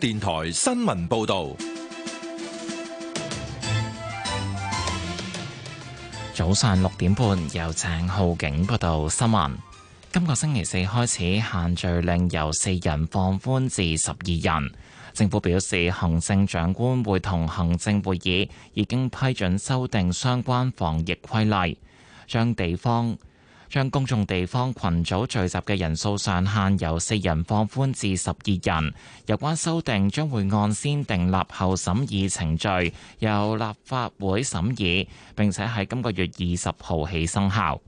電台新聞報道，早上六點半，由鄭浩景報道新聞。今個星期四開始，限聚令由四人放寬至十二人。政府表示，行政長官會同行政會議已經批准修訂相關防疫規例，將地方，將公眾地方群組聚集嘅人數上限由四人放寬至十二人。有關修訂將會按先訂立後審議程序，由立法會審議，並且喺今個月二十號起生效。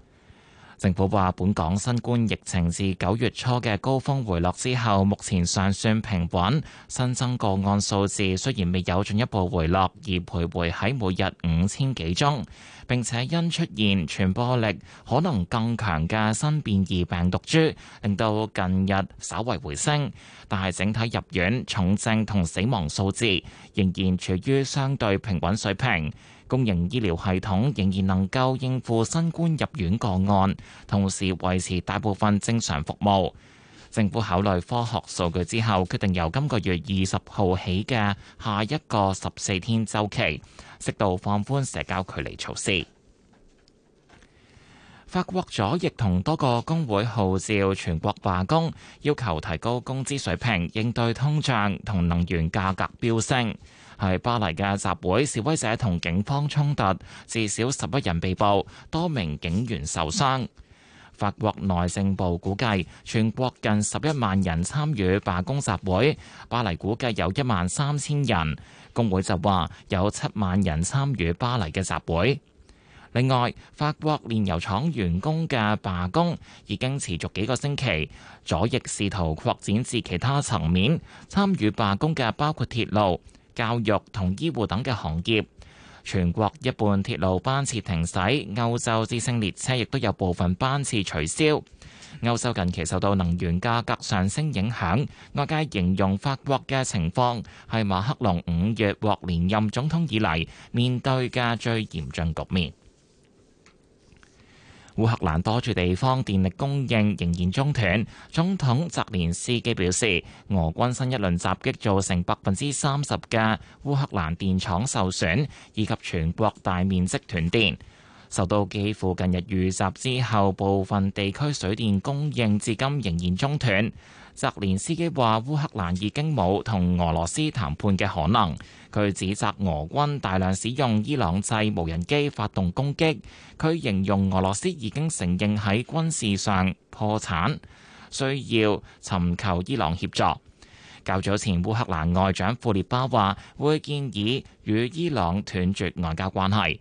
政府話，本港新冠疫情至九月初嘅高峰回落之後，目前尚算平穩。新增個案數字雖然未有進一步回落，而徘徊喺每日五千幾宗。並且因出現傳播力可能更強嘅新變異病毒株，令到近日稍為回升，但係整體入院、重症同死亡數字仍然處於相對平穩水平。公營醫療系統仍然能夠應付新冠入院個案，同時維持大部分正常服務。政府考慮科學數據之後，決定由今個月二十號起嘅下一個十四天週期，適度放寬社交距離措施。法國左翼同多個工會號召全國罷工，要求提高工資水平，應對通脹同能源價格飆升。喺巴黎嘅集會，示威者同警方衝突，至少十一人被捕，多名警員受傷。法國內政部估計，全國近十一萬人參與罷工集會，巴黎估計有一萬三千人。工會就話有七萬人參與巴黎嘅集會。另外，法國煉油廠員工嘅罷工已經持續幾個星期，左翼試圖擴展至其他層面。參與罷工嘅包括鐵路、教育同醫護等嘅行業。全國一半鐵路班次停駛，歐洲之星列車亦都有部分班次取消。歐洲近期受到能源價格上升影響，外界形容法國嘅情況係馬克龍五月獲連任總統以嚟面對嘅最嚴峻局面。烏克蘭多處地方電力供應仍然中斷，總統澤連斯基表示，俄軍新一輪襲擊造成百分之三十嘅烏克蘭電廠受損，以及全國大面積斷電。受到幾乎近日遇襲之後，部分地區水電供應至今仍然中斷。澤連斯基話：烏克蘭已經冇同俄羅斯談判嘅可能。佢指責俄軍大量使用伊朗製無人機發動攻擊。佢形容俄羅斯已經承認喺軍事上破產，需要尋求伊朗協助。較早前，烏克蘭外長庫列巴話會建議與伊朗斷絕外交關係。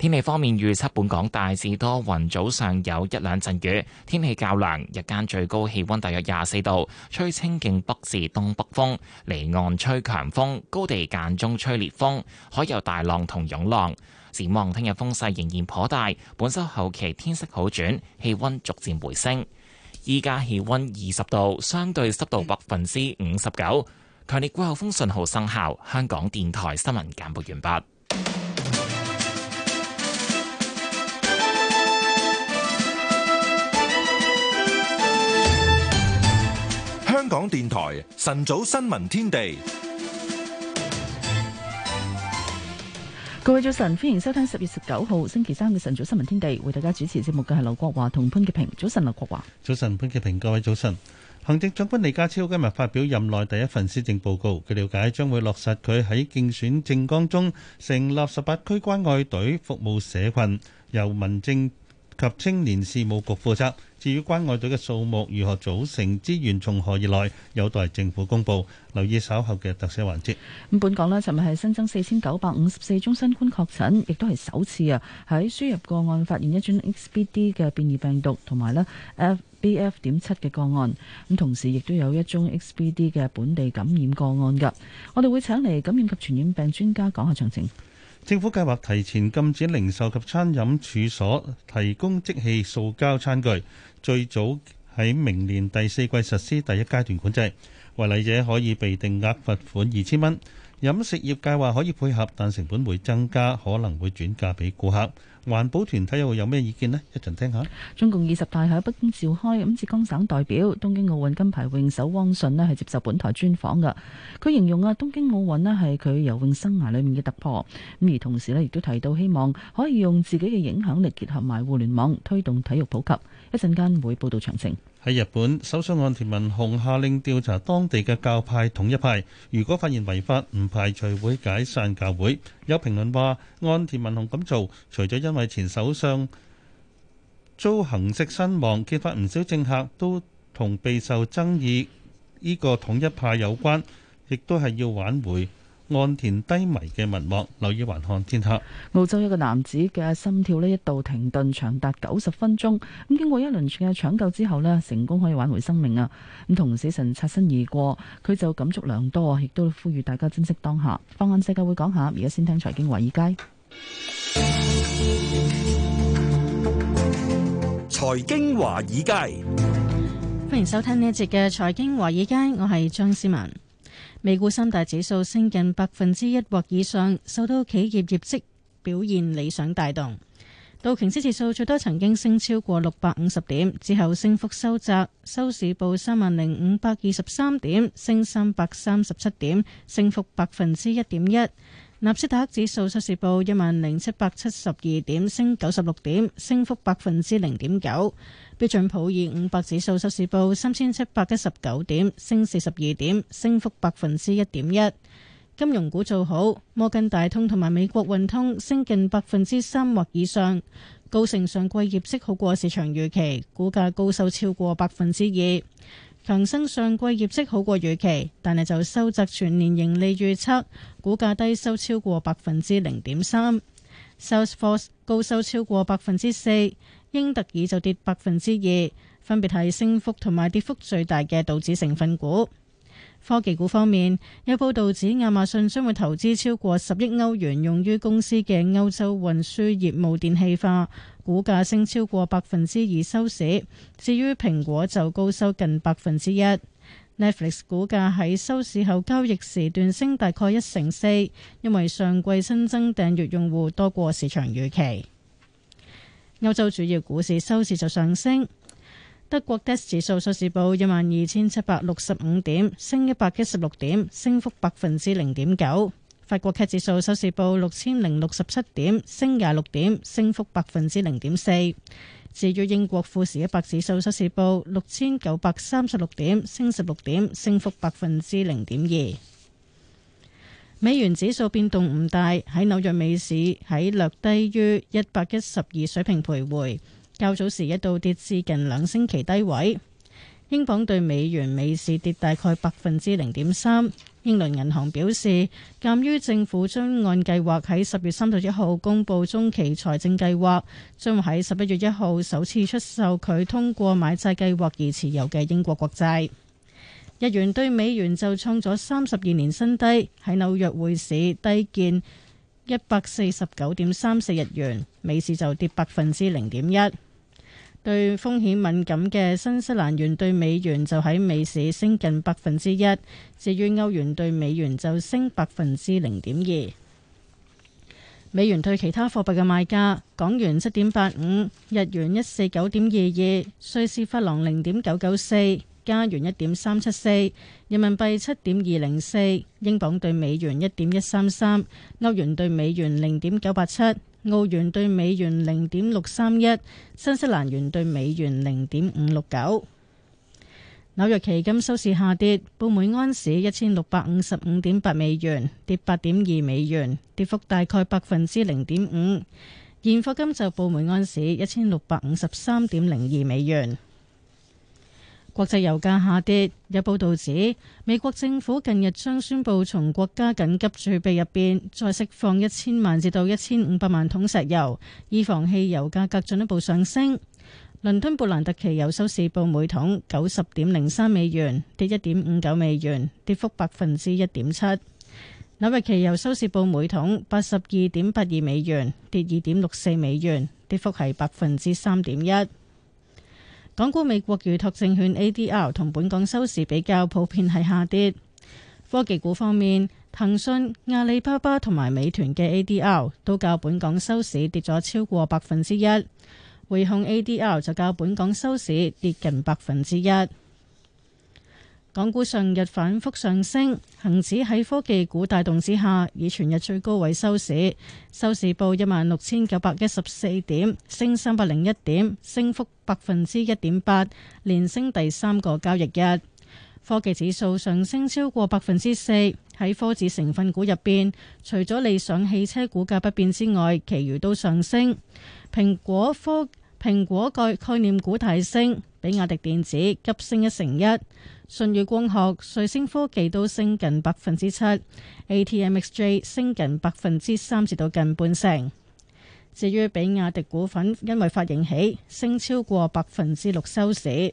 天氣方面預測，本港大致多雲，早上有一兩陣雨，天氣較涼，日間最高氣溫大約廿四度，吹清勁北至東北風，離岸吹強風，高地間中吹烈風，海有大浪同湧浪。展望聽日風勢仍然頗大，本周後期天色好轉，氣溫逐漸回升。依家氣溫二十度，相對濕度百分之五十九，強烈季候風信號生效。香港電台新聞簡報完畢。香港電台晨早新聞天地，各位早晨，歡迎收聽十月十九號星期三嘅晨早新聞天地，為大家主持節目嘅係劉國華同潘潔平。早晨，劉國華。早晨，潘潔平。各位早晨。行政長官李家超今日發表任內第一份施政報告，據了解將會落實佢喺競選政綱中成立十八區關愛隊服務社群，由民政及青年事務局負責。至於關愛隊嘅數目如何組成、資源從何而來，有待政府公布。留意稍後嘅特色環節。咁本港咧，尋日係新增四千九百五十四宗新冠確診，亦都係首次啊！喺輸入個案發現一宗 XBD 嘅變異病毒，同埋呢 FBF. 點七嘅個案。咁同時亦都有一宗 XBD 嘅本地感染個案㗎。我哋會請嚟感染及傳染病專家講下詳情。政府計劃提前禁止零售及餐飲處所提供即棄塑膠餐具。最早喺明年第四季實施第一階段管制，違例者可以被定額罰款二千蚊。飲食業界話可以配合，但成本會增加，可能會轉嫁俾顧客。環保團體又會有咩意見呢？一陣聽下。中共二十大喺北京召開，咁浙江省代表東京奧運金牌泳手汪順呢係接受本台專訪噶。佢形容啊東京奧運呢係佢游泳生涯裏面嘅突破，咁而同時呢，亦都提到希望可以用自己嘅影響力結合埋互聯網推動體育普及。一陣間會報道詳情。喺日本，首相岸田文雄下令調查當地嘅教派統一派，如果發現違法，唔排除會解散教會。有評論話，岸田文雄咁做，除咗因為前首相遭行刺身亡，揭發唔少政客都同備受爭議呢個統一派有關，亦都係要挽回。岸田低迷嘅民望，留意環看天下。澳洲一個男子嘅心跳咧一度停頓長達九十分鐘，咁經過一輪嘅搶救之後咧，成功可以挽回生命啊！咁同死神擦身而過，佢就感觸良多啊，亦都呼籲大家珍惜當下。放眼世界會講下，而家先聽財經華爾街。財經華爾街，歡迎收聽呢一節嘅財經華爾街，我係張思文。美股三大指數升近百分之一或以上，受到企業業績表現理想帶動。道瓊斯指數最多曾經升超過六百五十點，之後升幅收窄，收市報三萬零五百二十三點，升三百三十七點，升幅百分之一點一。納斯達克指數收市報一萬零七百七十二點，升九十六點，升幅百分之零點九。標準普爾五百指數收市報三千七百一十九點，升四十二點，升幅百分之一點一。金融股做好，摩根大通同埋美國運通升近百分之三或以上。高盛上季業績好過市場預期，股價高收超過百分之二。強生上季業績好過預期，但係就收窄全年盈利預測，股價低收超過百分之零點三。Salesforce 高收超過百分之四。英特爾就跌百分之二，分別係升幅同埋跌幅最大嘅道指成分股。科技股方面有報道指，亞馬遜將會投資超過十億歐元用於公司嘅歐洲運輸業務電氣化，股價升超過百分之二收市。至於蘋果就高收近百分之一，Netflix 股價喺收市後交易時段升大概一成四，因為上季新增訂閱用戶多過市場預期。歐洲主要股市收市就上升，德國 DAX 指數收市報一萬二千七百六十五點，升一百一十六點，升幅百分之零點九。法國 CAC 指數收市報六千零六十七點，升廿六點，升幅百分之零點四。至於英國富時一百指數收市報六千九百三十六點，升十六點，升幅百分之零點二。美元指數變動唔大，喺紐約美市喺略低於一百一十二水平徘徊。較早時一度跌至近兩星期低位。英鎊兌美元美市跌大概百分之零點三。英倫銀行表示，鑒於政府將按計劃喺十月三十一號公布中期財政計劃，將會喺十一月一號首次出售佢通過買債計劃而持有嘅英國國債。日元兌美元就創咗三十二年新低，喺紐約匯市低見一百四十九點三四日元，美市就跌百分之零點一。對風險敏感嘅新西蘭元兌美元就喺美市升近百分之一，至於歐元兌美元就升百分之零點二。美元兌其他貨幣嘅賣價：港元七點八五，日元一四九點二二，瑞士法郎零點九九四。加元一點三七四，4, 人民幣七點二零四，英鎊兌美元一點一三三，歐元兌美元零點九八七，澳元兌美元零點六三一，新西蘭元兌美元零點五六九。紐約期金收市下跌，報每安士一千六百五十五點八美元，跌八點二美元，跌幅大概百分之零點五。現貨金就報每安士一千六百五十三點零二美元。國際油價下跌，有報道指美國政府近日將宣布從國家緊急儲備入邊再釋放一千萬至到一千五百萬桶石油，以防汽油價格進一步上升。倫敦布蘭特期油收市報每桶九十點零三美元，跌一點五九美元，跌幅百分之一點七。紐約期油收市報每桶八十二點八二美元，跌二點六四美元，跌幅係百分之三點一。港股美國預託證券 ADR 同本港收市比較普遍係下跌。科技股方面，騰訊、阿里巴巴同埋美團嘅 ADR 都較本港收市跌咗超過百分之一，匯控 ADR 就較本港收市跌近百分之一。港股上日反覆上升，恒指喺科技股帶動之下，以全日最高位收市，收市報一萬六千九百一十四點，升三百零一點，升幅百分之一點八，連升第三個交易日。科技指數上升超過百分之四，喺科技成分股入邊，除咗理想汽車股價不變之外，其餘都上升。蘋果科蘋果蓋概，概念股大升，比亞迪電子急升一成一，舜宇光學、瑞星科技都升近百分之七，ATMXJ 升近百分之三至到近半成。至於比亞迪股份，因為發盈喜，升超過百分之六收市。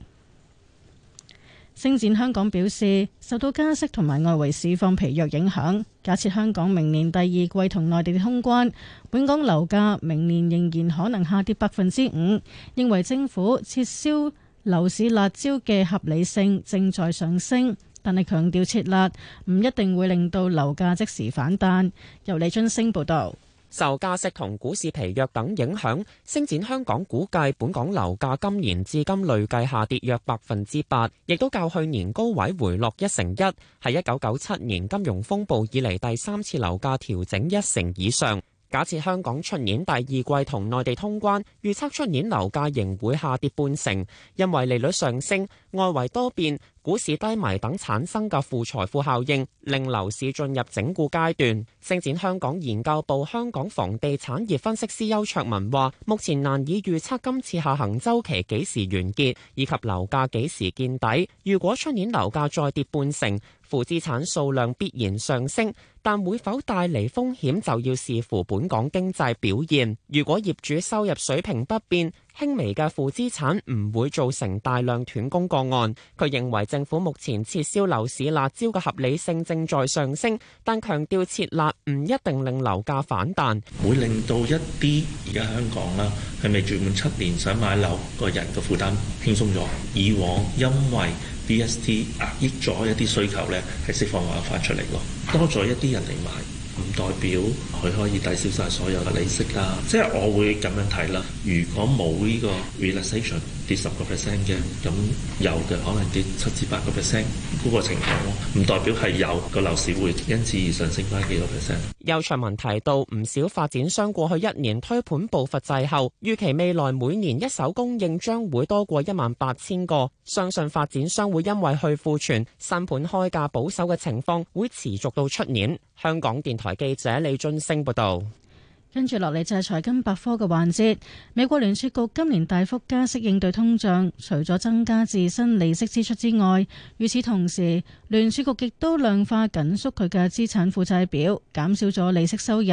星展香港表示，受到加息同埋外圍市況疲弱影響，假設香港明年第二季同內地嘅通關，本港樓價明年仍然可能下跌百分之五。認為政府撤銷樓市辣招嘅合理性正在上升，但係強調撤辣唔一定會令到樓價即時反彈，由李津升報道。受加息同股市疲弱等影響，星展香港估計本港樓價今年至今累計下跌約百分之八，亦都較去年高位回落一成一，係一九九七年金融風暴以嚟第三次樓價調整一成以上。假設香港出年第二季同內地通關，預測出年樓價仍會下跌半成，因為利率上升、外圍多變、股市低迷等產生嘅負財富效應，令樓市進入整固階段。星展香港研究部香港房地產業分析師邱卓文話：目前難以預測今次下行週期幾時完結，以及樓價幾時見底。如果出年樓價再跌半成，負資產數量必然上升，但會否帶嚟風險就要視乎本港經濟表現。如果業主收入水平不變，輕微嘅負資產唔會造成大量斷供個案。佢認為政府目前撤銷樓市辣招嘅合理性正在上升，但強調撤辣唔一定令樓價反彈，會令到一啲而家香港啦，係未住滿七年想買樓個人嘅負擔輕鬆咗。嗯、以往因為 B.S.T 壓抑咗一啲需求咧，係釋放話發出嚟咯，多咗一啲人嚟買，唔代表佢可以抵消晒所有嘅利息啦、啊。即係我會咁樣睇啦。如果冇呢個 realization。跌十個 percent 嘅，咁有嘅可能跌七至八個 percent，嗰個情況咯，唔代表係有個樓市會因此而上升翻幾個 percent。邱卓文提到，唔少發展商過去一年推盤步伐滯後，預期未來每年一手供應將會多過一萬八千個，相信發展商會因為去庫存新盤開價保守嘅情況會持續到出年。香港電台記者李俊升報道。跟住落嚟就係財金百科嘅環節。美國聯儲局今年大幅加息，應對通脹，除咗增加自身利息支出之外，與此同時聯儲局亦都量化緊縮佢嘅資產負債表，減少咗利息收入。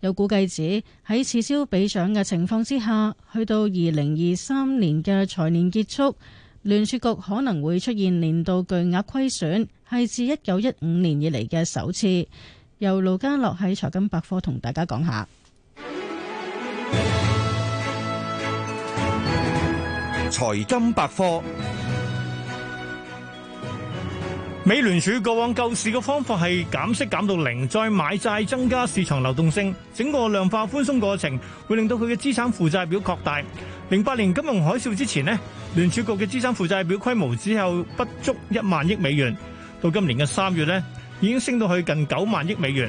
有估計指喺此消彼長嘅情況之下，去到二零二三年嘅財年結束，聯儲局可能會出現年度巨額虧損，係自一九一五年以嚟嘅首次。由盧家樂喺財金百科同大家講下。財金百科，美聯儲過往救市嘅方法係減息減到零，再買債增加市場流動性。整個量化寬鬆過程會令到佢嘅資產負債表擴大。零八年金融海嘯之前咧，聯儲局嘅資產負債表規模只有不足一萬億美元。到今年嘅三月咧，已經升到去近九萬億美元。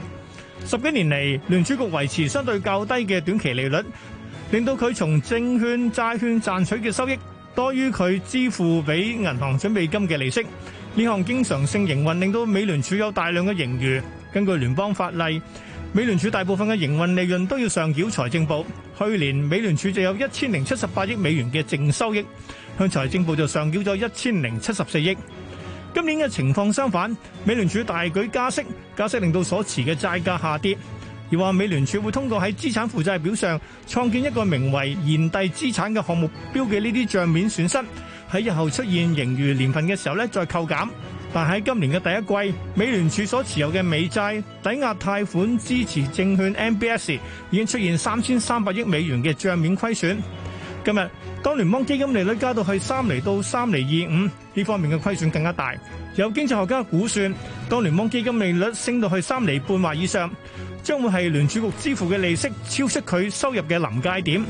十幾年嚟，聯儲局維持相對較低嘅短期利率，令到佢從證券、債券賺取嘅收益。多於佢支付俾銀行準備金嘅利息，呢項經常性營運令到美聯儲有大量嘅盈餘。根據聯邦法例，美聯儲大部分嘅營運利潤都要上繳財政部。去年美聯儲就有一千零七十八億美元嘅淨收益，向財政部就上繳咗一千零七十四億。今年嘅情況相反，美聯儲大舉加息，加息令到所持嘅債價下跌。而話，美聯儲會通過喺資產負債表上創建一個名為延地資產嘅項目，標記呢啲帳面損失喺日後出現盈餘年份嘅時候咧，再扣減。但喺今年嘅第一季，美聯儲所持有嘅美債抵押貸款支持證券 MBS 已經出現三千三百億美元嘅帳面虧損。今日當聯邦基金利率加到去三厘到三厘二五呢方面嘅虧損更加大。有經濟學家估算，當聯邦基金利率升到去三厘半或以上，將會係聯儲局支付嘅利息超出佢收入嘅臨界點，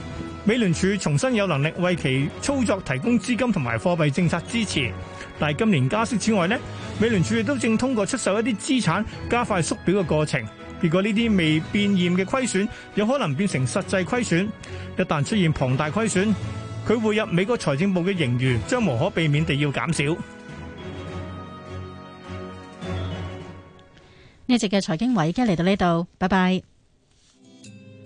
美聯儲重新有能力為其操作提供資金同埋貨幣政策支持。但係今年加息之外呢，美聯儲亦都正通過出售一啲資產加快縮表嘅過程。結果呢啲未變現嘅虧損有可能變成實際虧損，一旦出現龐大虧損，佢匯入美國財政部嘅盈餘將無可避免地要減少。一直嘅財經偉家嚟到呢度，拜拜。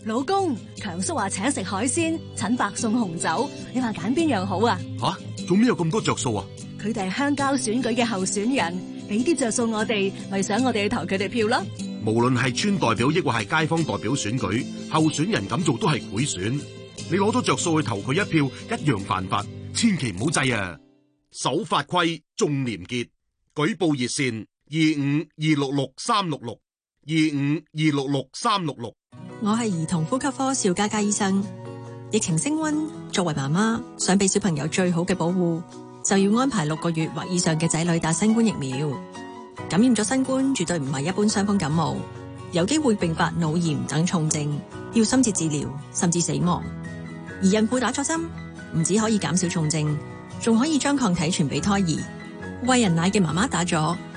老公，強叔話請食海鮮，陳伯送紅酒，你話揀邊樣好啊？吓，做咩有咁多着數啊？佢哋係鄉郊選舉嘅候選人，俾啲着數我哋，咪想我哋去投佢哋票咯。無論係村代表，抑或係街坊代表選舉，候選人咁做都係賄選，你攞到着數去投佢一票，一樣犯法。千祈唔好制啊！守法規，重廉潔，舉報熱線。二五二六六三六六，二五二六六三六六。我係兒童呼吸科邵佳佳醫生。疫情升温，作為媽媽想俾小朋友最好嘅保護，就要安排六個月或以上嘅仔女打新冠疫苗。感染咗新冠絕對唔係一般傷風感冒，有機會併發腦炎等重症，要深切治療甚至死亡。而孕婦打咗針，唔止可以減少重症，仲可以將抗體傳俾胎兒。喂人奶嘅媽媽打咗。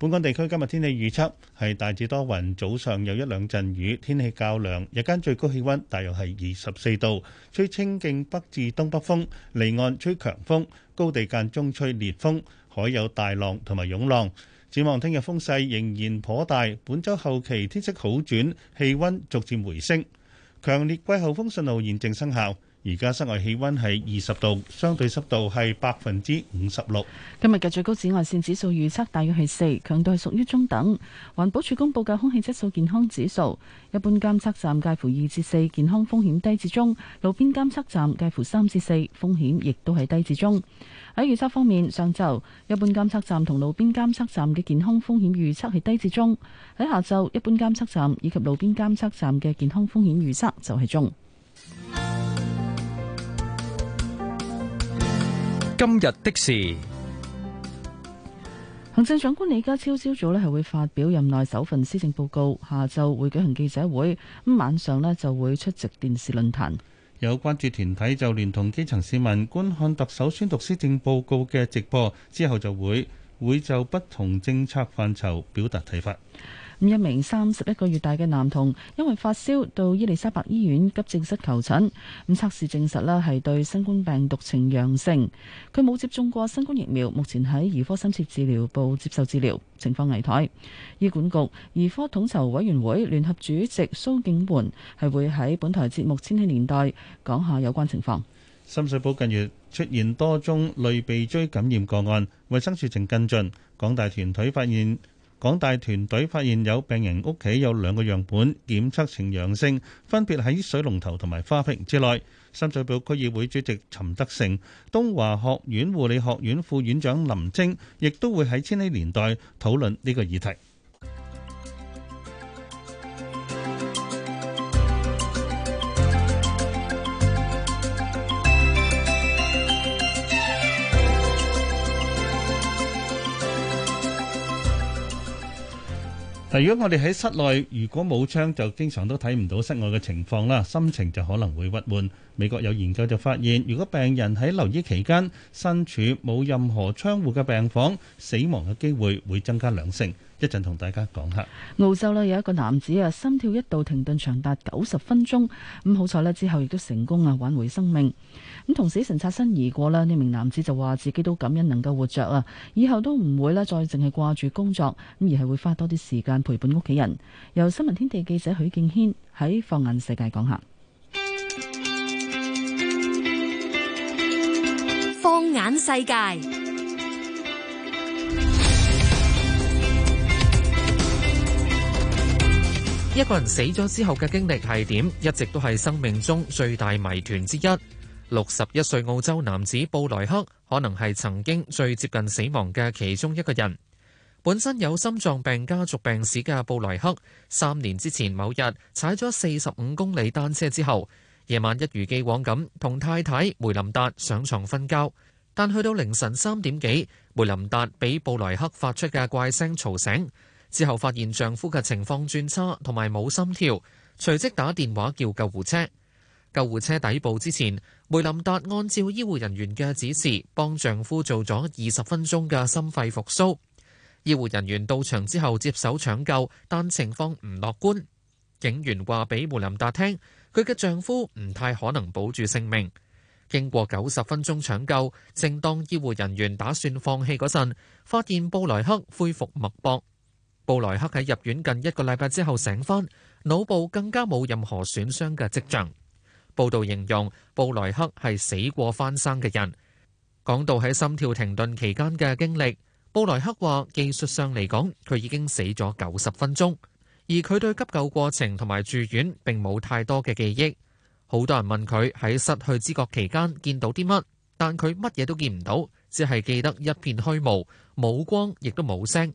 本港地區今日天，天氣預測係大致多雲，早上有一兩陣雨，天氣較涼。日間最高氣温大約係二十四度，吹清勁北至東北風，離岸吹強風，高地間中吹烈風，海有大浪同埋湧浪。展望聽日風勢仍然頗大，本週後期天色好轉，氣温逐漸回升。強烈季候風信號現正生效。而家室外氣溫係二十度，相對濕度係百分之五十六。今日嘅最高紫外線指數預測大約係四，強度係屬於中等。環保署公布嘅空氣質素健康指數，一般監測站介乎二至四，健康風險低至中；路邊監測站介乎三至四，風險亦都係低至中。喺預測方面，上晝一般監測站同路邊監測站嘅健康風險預測係低至中；喺下晝，一般監測站以及路邊監測站嘅健康風險預測就係中。今日的事，行政長官李家超朝早呢，係會發表任內首份施政報告，下晝會舉行記者會，咁晚上呢就會出席電視論壇。有關注團體就聯同基層市民觀看特首宣讀施政報告嘅直播，之後就會會就不同政策範疇表達睇法。一名三十一個月大嘅男童，因為發燒到伊利沙伯醫院急症室求診，咁測試證實啦係對新冠病毒呈陽性，佢冇接種過新冠疫苗，目前喺兒科深切治療部接受治療，情況危殆。醫管局兒科統籌委員會聯合主席蘇景桓係會喺本台節目《千禧年代》講下有關情況。深水埗近月出現多宗類鼻疽感染個案，衛生署正跟進，港大團隊發現。港大團隊發現有病人屋企有兩個樣本檢測呈陽性，分別喺水龍頭同埋花瓶之內。深水埗區議會主席陳德成、東華學院護理學院副院長林晶，亦都會喺千禧年代討論呢個議題。嗱，如果我哋喺室內，如果冇窗就經常都睇唔到室外嘅情況啦，心情就可能會鬱悶。美國有研究就發現，如果病人喺留醫期間身處冇任何窗戶嘅病房，死亡嘅機會會增加兩成。一陣同大家講下，澳洲啦有一個男子啊，心跳一度停頓長達九十分鐘，咁好彩咧，之後亦都成功啊挽回生命，咁同死神擦身而過啦。呢名男子就話自己都感恩能夠活着啊，以後都唔會咧再淨係掛住工作，咁而係會花多啲時間陪伴屋企人。由新聞天地記者許敬軒喺放眼世界講下，放眼世界。一個人死咗之後嘅經歷係點，一直都係生命中最大謎團之一。六十一歲澳洲男子布萊克可能係曾經最接近死亡嘅其中一個人。本身有心臟病家族病史嘅布萊克，三年之前某日踩咗四十五公里單車之後，夜晚一如既往咁同太太梅林達上床瞓覺。但去到凌晨三點幾，梅林達俾布萊克發出嘅怪聲吵醒。之後發現丈夫嘅情況轉差，同埋冇心跳，隨即打電話叫救護車。救護車抵步之前，梅林達按照醫護人員嘅指示幫丈夫做咗二十分鐘嘅心肺復甦。醫護人員到場之後接手搶救，但情況唔樂觀。警員話俾梅林達聽，佢嘅丈夫唔太可能保住性命。經過九十分鐘搶救，正當醫護人員打算放棄嗰陣，發現布萊克恢復脈搏。布萊克喺入院近一個禮拜之後醒翻，腦部更加冇任何損傷嘅跡象。報道形容布萊克係死過翻生嘅人。講到喺心跳停頓期間嘅經歷，布萊克話技術上嚟講，佢已經死咗九十分鐘，而佢對急救過程同埋住院並冇太多嘅記憶。好多人問佢喺失去知覺期間見到啲乜，但佢乜嘢都見唔到，只係記得一片虛無，冇光亦都冇聲。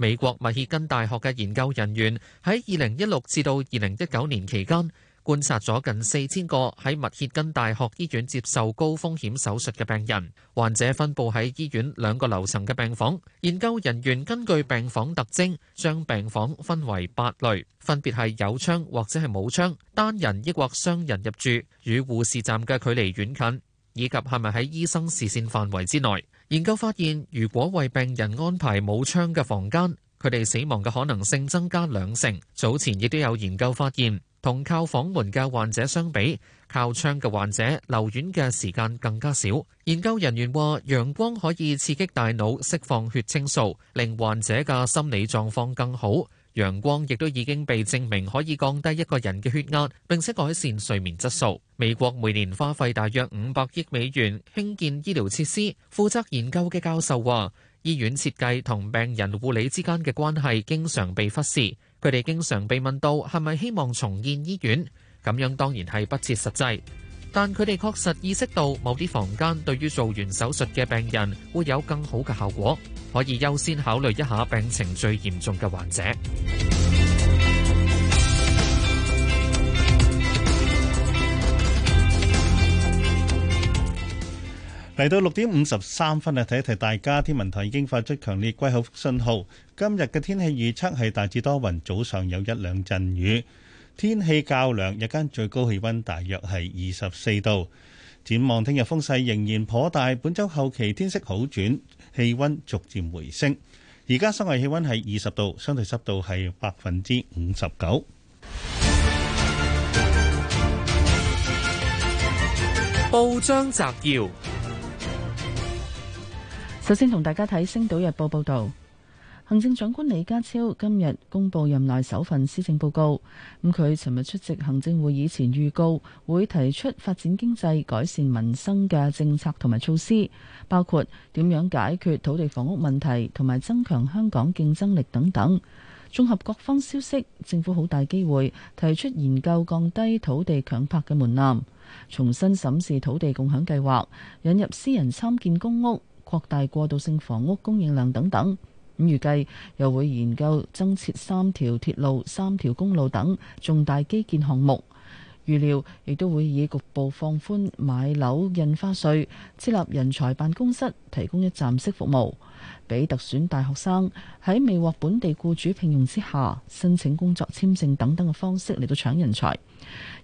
美國密歇根大學嘅研究人員喺二零一六至到二零一九年期間，觀察咗近四千個喺密歇根大學醫院接受高風險手術嘅病人。患者分佈喺醫院兩個樓層嘅病房。研究人員根據病房特徵，將病房分為八類，分別係有窗或者係冇窗、單人抑或雙人入住、與護士站嘅距離遠近，以及係咪喺醫生視線範圍之內。研究發現，如果為病人安排冇窗嘅房間，佢哋死亡嘅可能性增加兩成。早前亦都有研究發現，同靠房門嘅患者相比，靠窗嘅患者留院嘅時間更加少。研究人員話，陽光可以刺激大腦釋放血清素，令患者嘅心理狀況更好。陽光亦都已經被證明可以降低一個人嘅血壓，並且改善睡眠質素。美國每年花費大約五百億美元興建醫療設施。負責研究嘅教授話：醫院設計同病人護理之間嘅關係經常被忽視。佢哋經常被問到係咪希望重建醫院，咁樣當然係不切實際。但佢哋確實意識到，某啲房間對於做完手術嘅病人會有更好嘅效果，可以優先考慮一下病情最嚴重嘅患者。嚟到六點五十三分啊，提一提大家，天文台已經發出強烈季候風信號。今日嘅天氣預測係大致多雲，早上有一兩陣雨。天氣較涼，日間最高氣溫大約係二十四度。展望聽日風勢仍然頗大，本周後期天色好轉，氣溫逐漸回升。而家室外氣溫係二十度，相對濕度係百分之五十九。報章摘要：首先同大家睇《星島日報》報道。行政長官李家超今日公布任內首份施政報告。咁佢尋日出席行政會議前預告，會提出發展經濟、改善民生嘅政策同埋措施，包括點樣解決土地房屋問題，同埋增強香港競爭力等等。綜合各方消息，政府好大機會提出研究降低土地強拍嘅門檻，重新審視土地共享計劃，引入私人參建公屋，擴大過渡性房屋供應量等等。咁預計又會研究增設三條鐵路、三條公路等重大基建項目。預料亦都會以局部放寬買樓印花稅、設立人才辦公室提供一站式服務，俾特選大學生喺未獲本地僱主聘用之下申請工作簽證等等嘅方式嚟到搶人才。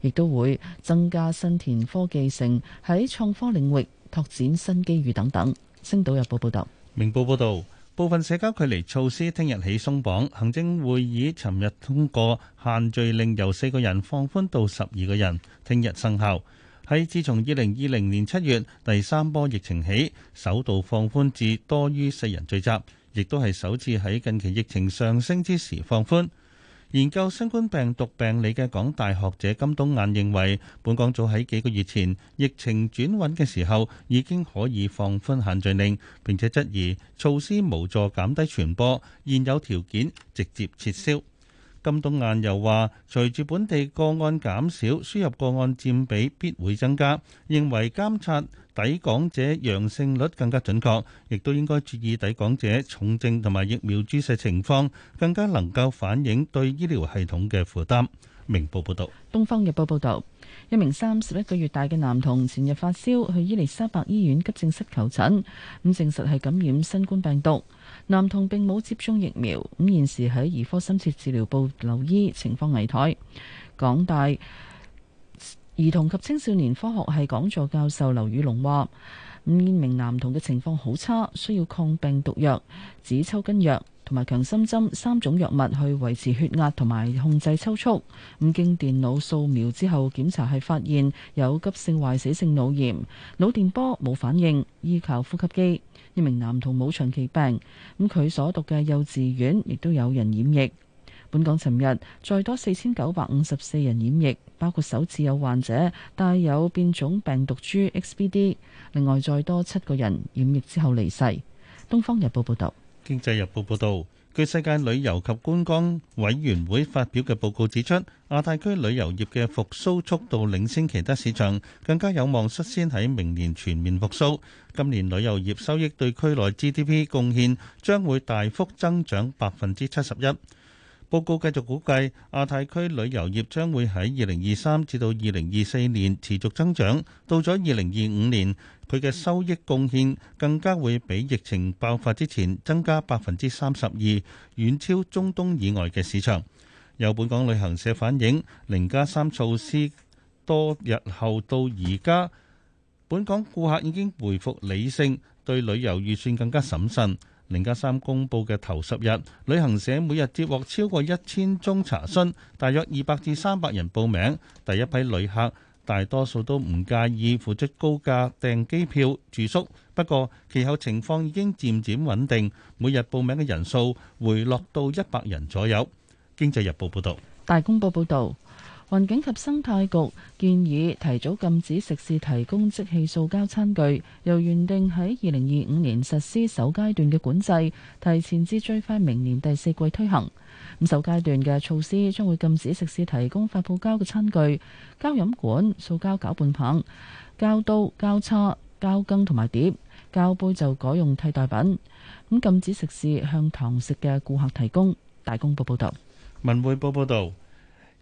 亦都會增加新田科技城喺創科領域拓展新機遇等等。星島日報報道。明報報導。部分社交距離措施聽日起鬆綁，行政會議尋日通過限聚令由四個人放寬到十二個人，聽日生效。喺自從二零二零年七月第三波疫情起，首度放寬至多於四人聚集，亦都係首次喺近期疫情上升之時放寬。研究新冠病毒病理嘅港大學者金冬雁認為，本港早喺幾個月前疫情轉穩嘅時候，已經可以放寬限聚令，並且質疑措施無助減低傳播，現有條件直接撤銷。金冬雁又話，隨住本地個案減少，輸入個案佔比必會增加，認為監察。抵港者陽性率更加準確，亦都應該注意抵港者重症同埋疫苗注射情況，更加能夠反映對醫療系統嘅負擔。明報報道，東方日報報道，一名三十一個月大嘅男童前日發燒去伊利沙伯醫院急症室求診，咁證實係感染新冠病毒。男童並冇接種疫苗，咁現時喺兒科深切治療部留醫，情況危殆。港大。兒童及青少年科學系講座教授劉宇龍話，呢一名男童嘅情況好差，需要抗病毒藥、止抽筋藥同埋強心針三種藥物去維持血壓同埋控制抽搐。咁經電腦掃描之後檢查係發現有急性壞死性腦炎，腦電波冇反應，依靠呼吸機。一名男童冇長期病，咁佢所讀嘅幼稚園亦都有人染疫。本港尋日再多四千九百五十四人染疫，包括首次有患者帶有變種病毒株 XBD。另外，再多七個人染疫之後離世。《東方日報》報導，《經濟日報》報導，據世界旅遊及觀光委員會發表嘅報告指出，亞太區旅遊業嘅復甦速度領先其他市場，更加有望率先喺明年全面復甦。今年旅遊業收益對區內 GDP 貢獻將會大幅增長百分之七十一。報告繼續估計，亞太區旅遊業將會喺二零二三至到二零二四年持續增長，到咗二零二五年，佢嘅收益貢獻更加會比疫情爆發之前增加百分之三十二，遠超中東以外嘅市場。有本港旅行社反映，零加三措施多日後到而家，本港顧客已經回復理性，對旅遊預算更加審慎。零加三公佈嘅頭十日，旅行社每日接獲超過一千宗查詢，大約二百至三百人報名。第一批旅客大多數都唔介意付出高價訂機票住宿，不過其後情況已經漸漸穩定，每日報名嘅人數回落到一百人左右。經濟日報報道，大公報報道。環境及生態局建議提早禁止食肆提供即棄塑膠餐具，由原定喺二零二五年實施首階段嘅管制，提前至最快明年第四季推行。咁、嗯、首階段嘅措施將會禁止食肆提供發泡膠嘅餐具、膠飲管、塑膠攪拌棒、膠刀、膠叉、膠羹同埋碟、膠杯，就改用替代品。咁、嗯、禁止食肆向堂食嘅顧客提供。大公報報道。文匯報報道。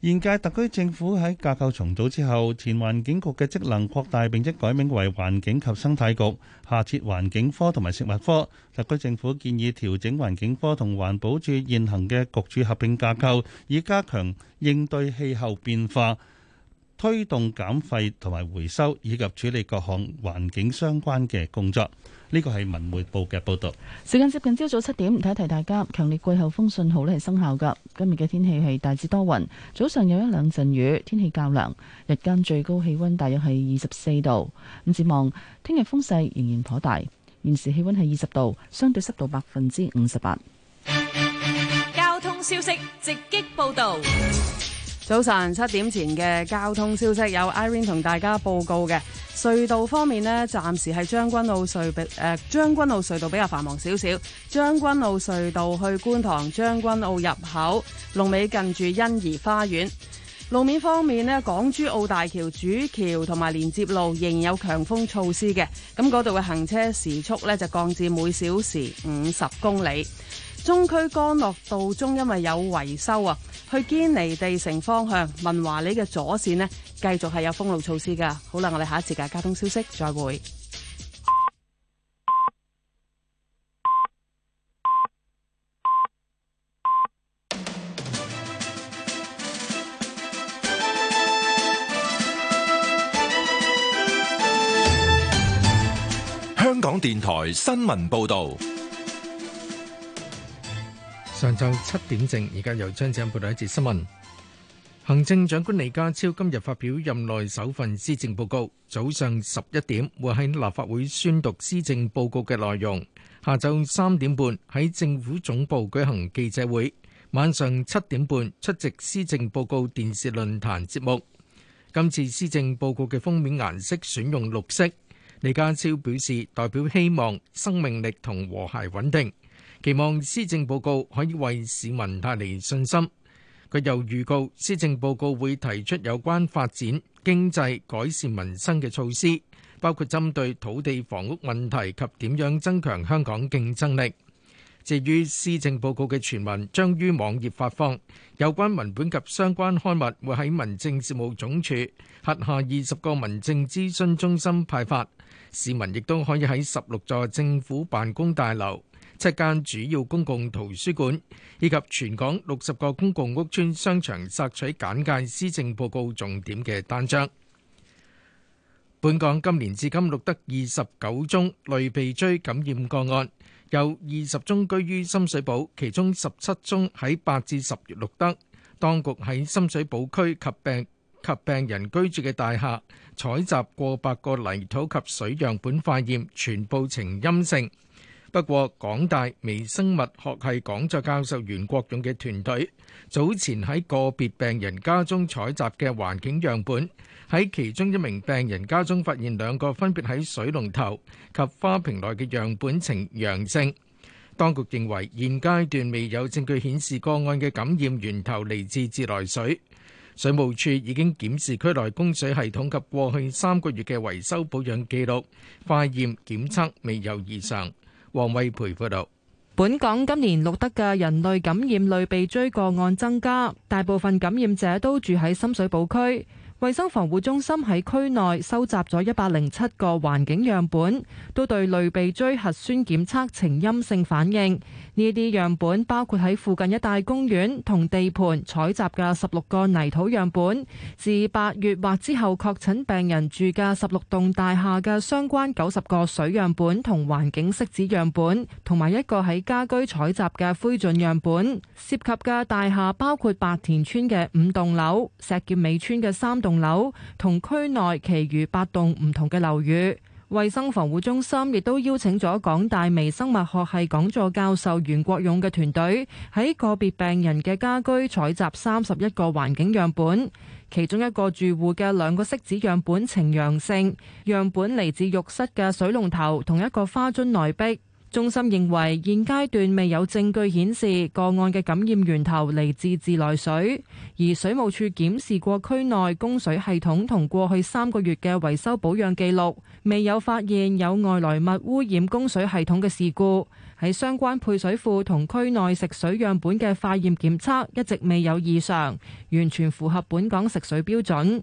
現屆特區政府喺架構重組之後，前環境局嘅職能擴大並即改名為環境及生態局，下設環境科同埋食物科。特區政府建議調整環境科同環保署現行嘅局署合併架構，以加強應對氣候變化、推動減廢同埋回收，以及處理各項環境相關嘅工作。呢個係文匯報嘅報道。時間接近朝早七點，提一提大家，強烈季候風信號咧係生效噶。今日嘅天氣係大致多雲，早上有一兩陣雨，天氣較涼，日間最高氣温大約係二十四度。咁展望，聽日風勢仍然頗大。現時氣温係二十度，相對濕度百分之五十八。交通消息直擊報道。早晨七點前嘅交通消息，有 Irene 同大家報告嘅。隧道方面呢，暫時係將軍澳隧，誒，呃，將軍澳隧道比較繁忙少少。將軍澳隧道去觀塘將軍澳入口，龍尾近住欣怡花園。路面方面呢，港珠澳大橋主橋同埋連接路仍然有強風措施嘅，咁嗰度嘅行車時速咧就降至每小時五十公里。中區干諾道中因為有維修啊。去堅尼地城方向，文華里嘅左線咧，繼續係有封路措施噶。好啦，我哋下一節嘅交通消息再會。香港電台新聞報道。上晝七點正，而家由張子欣報道一節新聞。行政長官李家超今日發表任內首份施政報告，早上十一點會喺立法會宣讀施政報告嘅內容。下晝三點半喺政府總部舉行記者會，晚上七點半出席施政報告電視論壇節目。今次施政報告嘅封面顏色選用綠色。李家超表示，代表希望、生命力同和諧穩定。期望施政報告可以為市民帶嚟信心。佢又預告，施政報告會提出有關發展經濟、改善民生嘅措施，包括針對土地房屋問題及點樣增強香港競爭力。至於施政報告嘅全文將於網頁發放，有關文本及相關刊物會喺民政事務總署轄下二十個民政諮詢中心派發，市民亦都可以喺十六座政府辦公大樓、七間主要公共圖書館、以及全港六十個公共屋邨商場，索取簡介施政報告重點嘅單張。本港今年至今錄得二十九宗類鼻疽感染個案，有二十宗居於深水埗，其中十七宗喺八至十月錄得。當局喺深水埗區及病及病人居住嘅大廈採集過百個泥土及水樣本化驗，全部呈陰性。不過，港大微生物學系講座教授袁國勇嘅團隊早前喺個別病人家中採集嘅環境樣本，喺其中一名病人家中發現兩個分別喺水龍頭及花瓶內嘅樣本呈陽性。當局認為現階段未有證據顯示個案嘅感染源頭嚟自自來水。水務署已經檢視區內供水系統及過去三個月嘅維修保養記錄，化驗檢測未有異常。黃偉培報道，本港今年錄得嘅人類感染類鼻疽個案增加，大部分感染者都住喺深水埗區，衛生防護中心喺區內收集咗一百零七個環境樣本，都對類鼻疽核酸檢測呈陰性反應。呢啲樣本包括喺附近一帶公園同地盤採集嘅十六個泥土樣本，自八月或之後確診病人住嘅十六棟大廈嘅相關九十個水樣本同環境拭子樣本，同埋一個喺家居採集嘅灰燼樣本。涉及嘅大廈包括白田村嘅五棟樓、石硤尾村嘅三棟樓同區內其餘八棟唔同嘅樓宇。衛生防護中心亦都邀請咗港大微生物學系講座教授袁國勇嘅團隊，喺個別病人嘅家居採集三十一個環境樣本，其中一個住戶嘅兩個拭子樣本呈陽性，樣本嚟自浴室嘅水龍頭同一個花樽內壁。中心認為，現階段未有證據顯示個案嘅感染源頭嚟自自來水，而水務處檢視過區內供水系統同過去三個月嘅維修保養記錄，未有發現有外來物污染供水系統嘅事故。喺相關配水庫同區內食水樣本嘅化驗檢測一直未有異常，完全符合本港食水標準。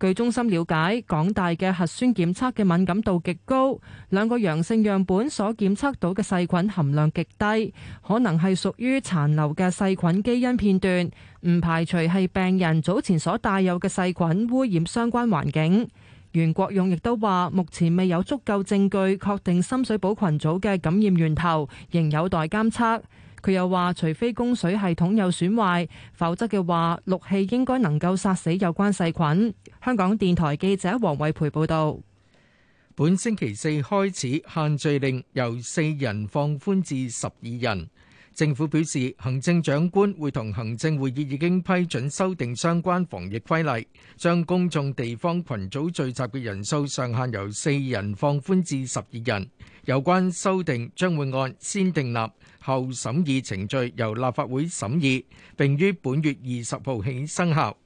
據中心了解，港大嘅核酸檢測嘅敏感度極高，兩個陽性樣本所檢測到嘅細菌含量極低，可能係屬於殘留嘅細菌基因片段，唔排除係病人早前所帶有嘅細菌污染相關環境。袁國勇亦都話，目前未有足夠證據確定深水埗群組嘅感染源頭，仍有待監測。佢又話：除非供水系統有損壞，否則嘅話，氯氣應該能夠殺死有關細菌。香港電台記者黃惠培報道。本星期四開始，限聚令由四人放寬至十二人。政府表示，行政長官會同行政會議已經批准修訂相關防疫規例，將公眾地方群組聚集嘅人數上限由四人放寬至十二人。有關修訂將會按先訂立後審議程序由立法會審議，並於本月二十號起生效。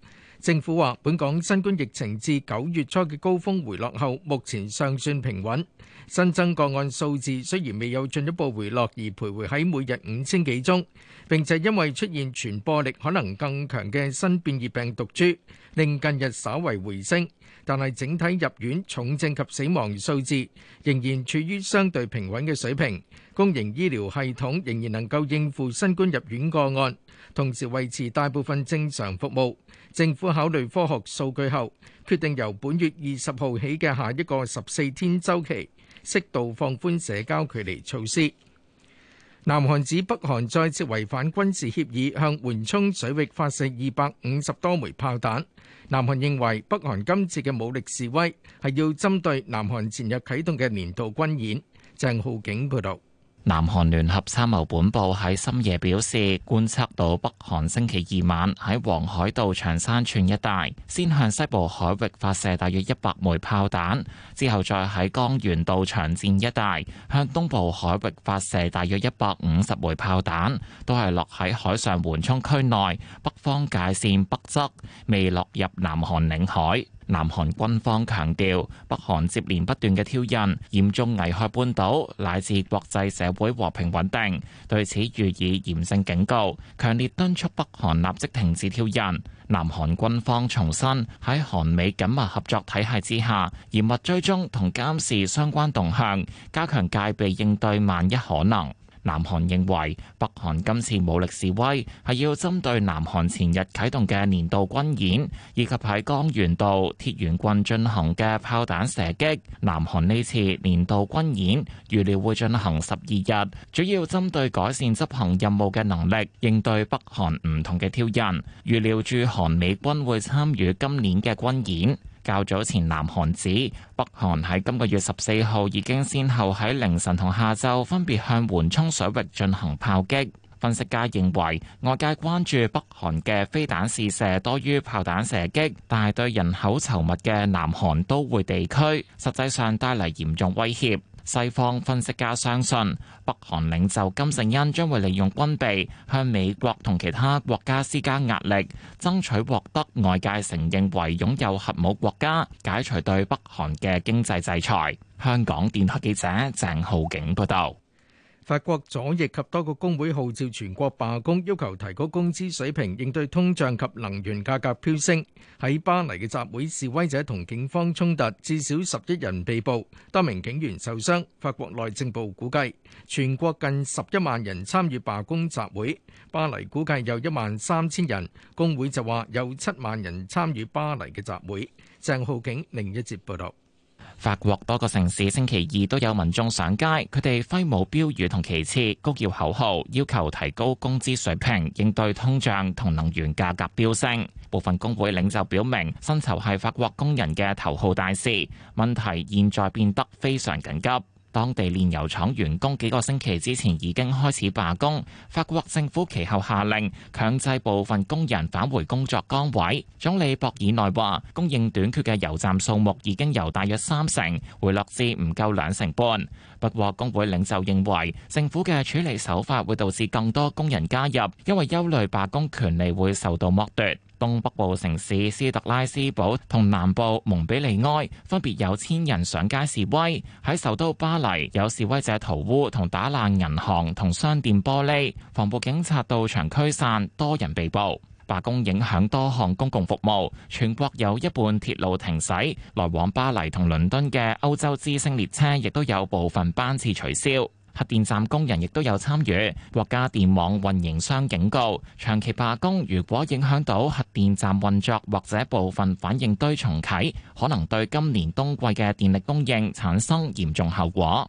政府話，本港新冠疫情至九月初嘅高峰回落後，目前尚算平穩。新增個案數字雖然未有進一步回落，而徘徊喺每日五千幾宗。並且因為出現傳播力可能更強嘅新變異病毒株，令近日稍為回升，但係整體入院重症及死亡數字仍然處於相對平穩嘅水平。公營醫療系統仍然能夠應付新冠入院個案，同時維持大部分正常服務。政府考慮科學數據後，決定由本月二十號起嘅下一個十四天週期適度放寬社交距離措施。南韓指北韓再次違反軍事協議，向緩衝水域發射二百五十多枚炮彈。南韓認為北韓今次嘅武力示威係要針對南韓前日啟動嘅年度軍演。鄭浩景報道。南韓聯合參謀本部喺深夜表示，觀測到北韓星期二晚喺黃海道長山串一帶，先向西部海域發射大約一百枚炮彈，之後再喺江原道長戰一帶向東部海域發射大約一百五十枚炮彈，都係落喺海上緩衝區內北方界線北側，未落入南韓領海。南韓軍方強調，北韓接連不斷嘅挑釁，嚴重危害半島乃至國際社會和平穩定，對此予以嚴正警告，強烈敦促北韓立即停止挑釁。南韓軍方重申喺韓美緊密合作體系之下，嚴密追蹤同監視相關動向，加強戒備，應對萬一可能。南韓認為北韓今次武力示威係要針對南韓前日啟動嘅年度軍演，以及喺江原道鐵原郡進行嘅炮彈射擊。南韓呢次年度軍演預料會進行十二日，主要針對改善執行任務嘅能力，應對北韓唔同嘅挑釁。預料駐韓美軍會參與今年嘅軍演。較早前，南韓指北韓喺今個月十四號已經先後喺凌晨同下晝分別向緩衝水域進行炮擊。分析家認為，外界關注北韓嘅飛彈試射多於炮彈射擊，但係對人口稠密嘅南韓都會地區，實際上帶嚟嚴重威脅。西方分析家相信，北韓領袖金正恩將會利用軍備向美國同其他國家施加壓力，爭取獲得外界承認為擁有核武國家，解除對北韓嘅經濟制裁。香港電台記者鄭浩景報道。法國左翼及多個工會號召全國罷工，要求提高工資水平，應對通脹及能源價格飆升。喺巴黎嘅集會示威者同警方衝突，至少十一人被捕，多名警員受傷。法國內政部估計，全國近十一萬人參與罷工集會，巴黎估計有一萬三千人。工會就話有七萬人參與巴黎嘅集會。鄭浩景另一節報道。法國多個城市星期二都有民眾上街，佢哋揮舞標語同旗幟高叫口號，要求提高工資水平，應對通脹同能源價格飆升。部分工會領袖表明，薪酬係法國工人嘅頭號大事，問題現在變得非常緊急。當地煉油廠員工幾個星期之前已經開始罷工，法國政府其後下令強制部分工人返回工作崗位。總理博爾內話，供應短缺嘅油站數目已經由大約三成回落至唔夠兩成半。不過工會領袖認為，政府嘅處理手法會導致更多工人加入，因為憂慮罷工權利會受到剝奪。東北部城市斯特拉斯堡同南部蒙彼利埃分別有千人上街示威，喺首都巴黎有示威者塗污同打爛銀行同商店玻璃，防暴警察到場驅散，多人被捕。罷工影響多項公共服務，全國有一半鐵路停駛，來往巴黎同倫敦嘅歐洲之星列車亦都有部分班次取消。核電站工人亦都有參與，國家電網運營商警告，長期罷工如果影響到核電站運作或者部分反應堆重啟，可能對今年冬季嘅電力供應產生嚴重後果。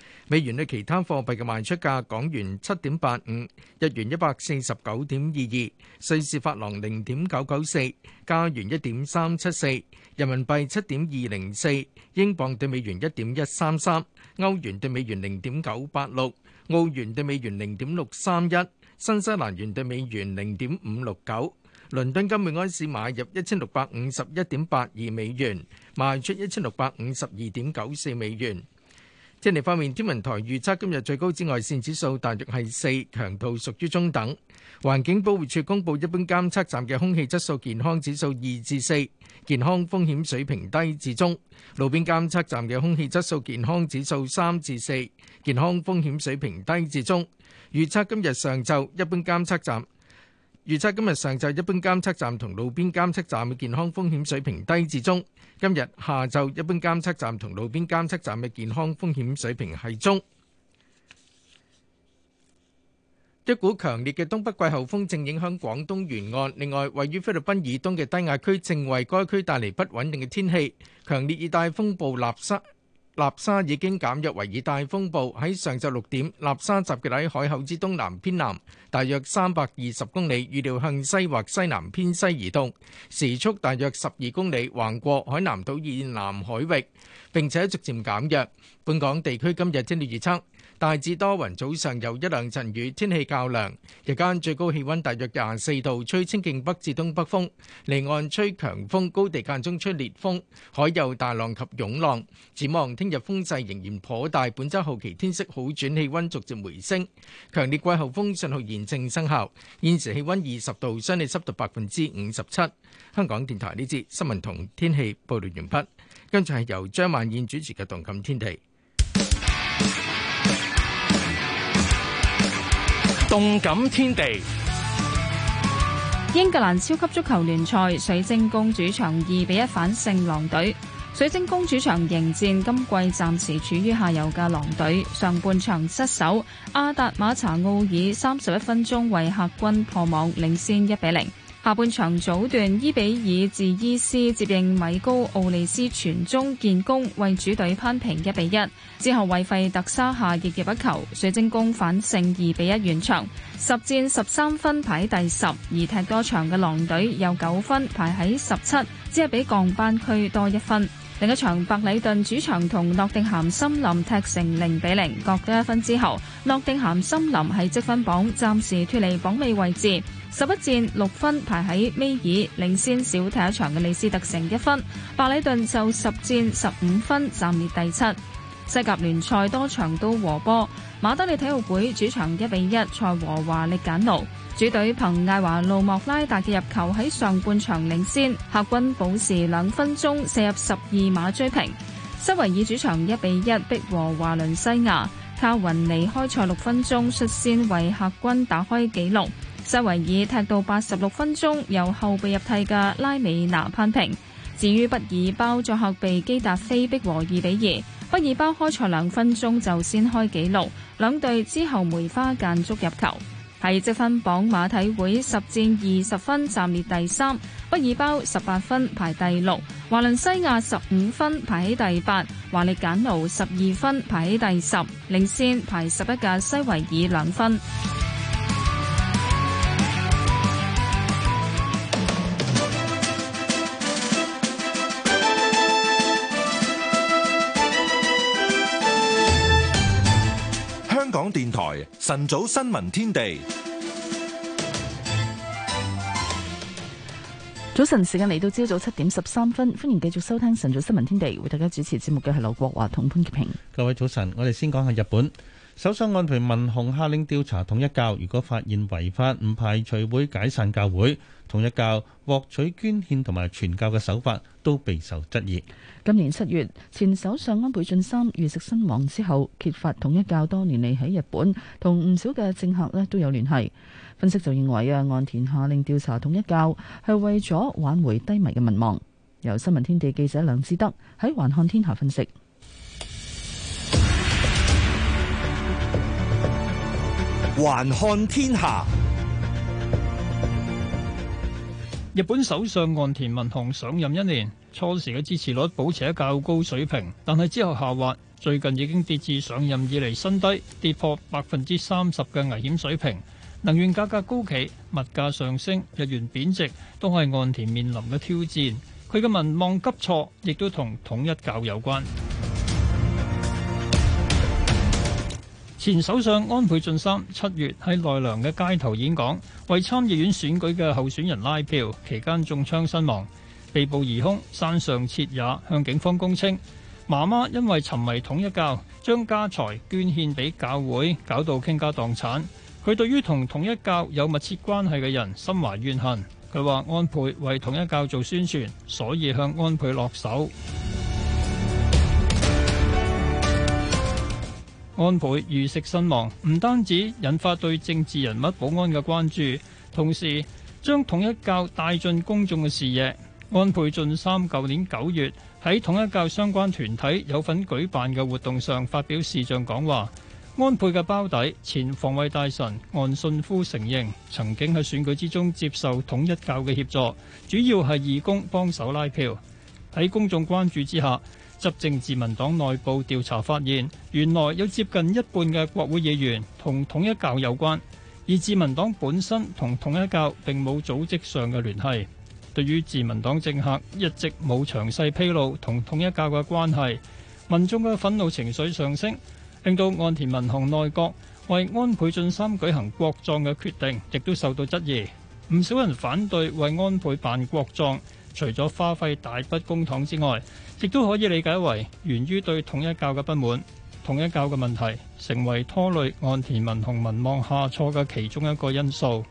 美元對其他貨幣嘅賣出價：港元七點八五，日元一百四十九點二二，瑞士法郎零點九九四，加元一點三七四，人民幣七點二零四，英鎊對美元一點一三三，歐元對美元零點九八六，澳元對美元零點六三一，新西蘭元對美元零點五六九。倫敦金每安士買入一千六百五十一點八二美元，賣出一千六百五十二點九四美元。天氣方面，天文台預測今日最高紫外線指數大約係四，強度屬於中等。環境保護署公布一般監測站嘅空氣質素健康指數二至四，健康風險水平低至中；路邊監測站嘅空氣質素健康指數三至四，健康風險水平低至中。預測今日上晝一般監測站。預測今日上晝一般監測站同路邊監測站嘅健康風險水平低至中。今日下晝一般監測站同路邊監測站嘅健康風險水平係中。一股強烈嘅東北季候風正影響廣東沿岸，另外位於菲律賓以東嘅低壓區正為該區帶嚟不穩定嘅天氣，強烈熱帶風暴納沙。納沙已經減弱為熱帶風暴，喺上晝六點，納沙集結喺海口之東南偏南，大約三百二十公里，預料向西或西南偏西移動，時速大約十二公里，橫過海南島以南海域，並且逐漸減弱。本港地區今日天氣預測。大致多雲，早上有一兩陣雨，天氣較涼。日間最高氣温大約廿四度，吹清勁北至東北風，離岸吹強風，高地間中吹烈風，海有大浪及湧浪。展望聽日風勢仍然頗大，本週後期天色好轉，氣温逐漸回升。強烈季候風信號現正生效。現時氣温二十度，相對濕度百分之五十七。香港電台呢節新聞同天氣報道完畢，跟住係由張萬燕主持嘅《動感天地》。動感天地，英格蘭超級足球聯賽水晶宮主場二比一反勝狼隊。水晶宮主場迎戰今季暫時處於下游嘅狼隊，上半場失守，阿達馬查奧爾三十一分鐘為客軍破網，領先一比零。下半場早段，伊比爾治伊斯接應米高奧利斯傳中建功，為主隊扳平一比一。之後，韋費特沙夏亦入一球，水晶宮反勝二比一完場。十戰十三分排第十，而踢多場嘅狼隊有九分排喺十七，只係比降班區多一分。另一場，白里頓主場同諾定咸森林踢成零比零，各得一分之後，諾定咸森林喺積分榜暫時脫離榜尾位置。十一戰六分排喺尾二，領先小睇一場嘅利斯特城一分。巴里頓就十戰十五分，暫列第七。西甲聯賽多場都和波，馬德里體育會主場一比一賽和華力簡奴。主隊憑艾華路莫拉達嘅入球喺上半場領先，客軍保持兩分鐘射入十二碼追平。塞維爾主場一比一逼和華倫西亞，卡雲尼開賽六分鐘率先為客軍打開紀錄。西維爾踢到八十六分鐘，由後備入替嘅拉美拿攀平。至於畢爾包作客被基達菲逼和二比二。畢爾包開賽兩分鐘就先開紀錄，兩隊之後梅花間足入球。喺積分榜，馬體會十戰二十分，暫列第三；畢爾包十八分排第六，華倫西亞十五分排喺第八，華力簡奴十二分排喺第十，領先排十一嘅西維爾兩分。晨早新聞天地，早晨時間嚟到朝早七點十三分，歡迎繼續收聽晨早新聞天地，為大家主持節目嘅係劉國華同潘潔平。各位早晨，我哋先講下日本，首相岸田文雄下令調查統一教，如果發現違法，唔排除會解散教會。統一教獲取捐獻同埋傳教嘅手法都備受質疑。今年七月，前首相安倍晉三遇襲身亡之後，揭發統一教多年嚟喺日本同唔少嘅政客呢都有聯繫。分析就認為啊，岸田下令調查統一教係為咗挽回低迷嘅民望。由新聞天地記者梁志德喺環看天下分析。環看天下，天下日本首相岸田文雄上任一年，初時嘅支持率保持喺較高水平，但係之後下滑，最近已經跌至上任以嚟新低，跌破百分之三十嘅危險水平。能源價格高企、物價上升、日元貶值，都係岸田面臨嘅挑戰。佢嘅民望急挫，亦都同統一教有關。 前首相安倍晉三七月喺奈良嘅街頭演講，為參議院選舉嘅候選人拉票期間中槍身亡。被捕疑兇山上徹也向警方供稱，媽媽因為沉迷統一教，將家財捐獻俾教會，搞到傾家蕩產。佢對於同統一教有密切關係嘅人心懷怨恨。佢話安倍為統一教做宣傳，所以向安倍落手。 安倍遇襲身亡，唔單止引發對政治人物保安嘅關注，同時將統一教帶進公眾嘅視野。安倍晉三舊年九月喺統一教相關團體有份舉辦嘅活動上發表視像講話，安倍嘅包底前防衛大臣岸信夫承認曾經喺選舉之中接受統一教嘅協助，主要係義工幫手拉票。喺公眾關注之下，執政自民黨內部調查發現，原來有接近一半嘅國會議員同統一教有關，而自民黨本身同統一教並冇組織上嘅聯繫。對於自民黨政客一直冇詳細披露同統一教嘅關係，民眾嘅憤怒情緒上升，令到岸田文雄內閣為安倍晉三舉行國葬嘅決定，亦都受到質疑。唔少人反對為安倍辦國葬，除咗花費大筆公帑之外，亦都可以理解為源於對統一教嘅不滿。統一教嘅問題成為拖累岸田文雄民望下挫嘅其中一個因素。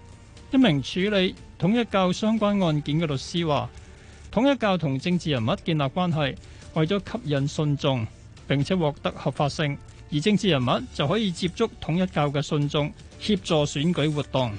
一名處理統一教相關案件嘅律師話：統一教同政治人物建立關係，為咗吸引信眾並且獲得合法性，而政治人物就可以接觸統一教嘅信眾，協助選舉活動。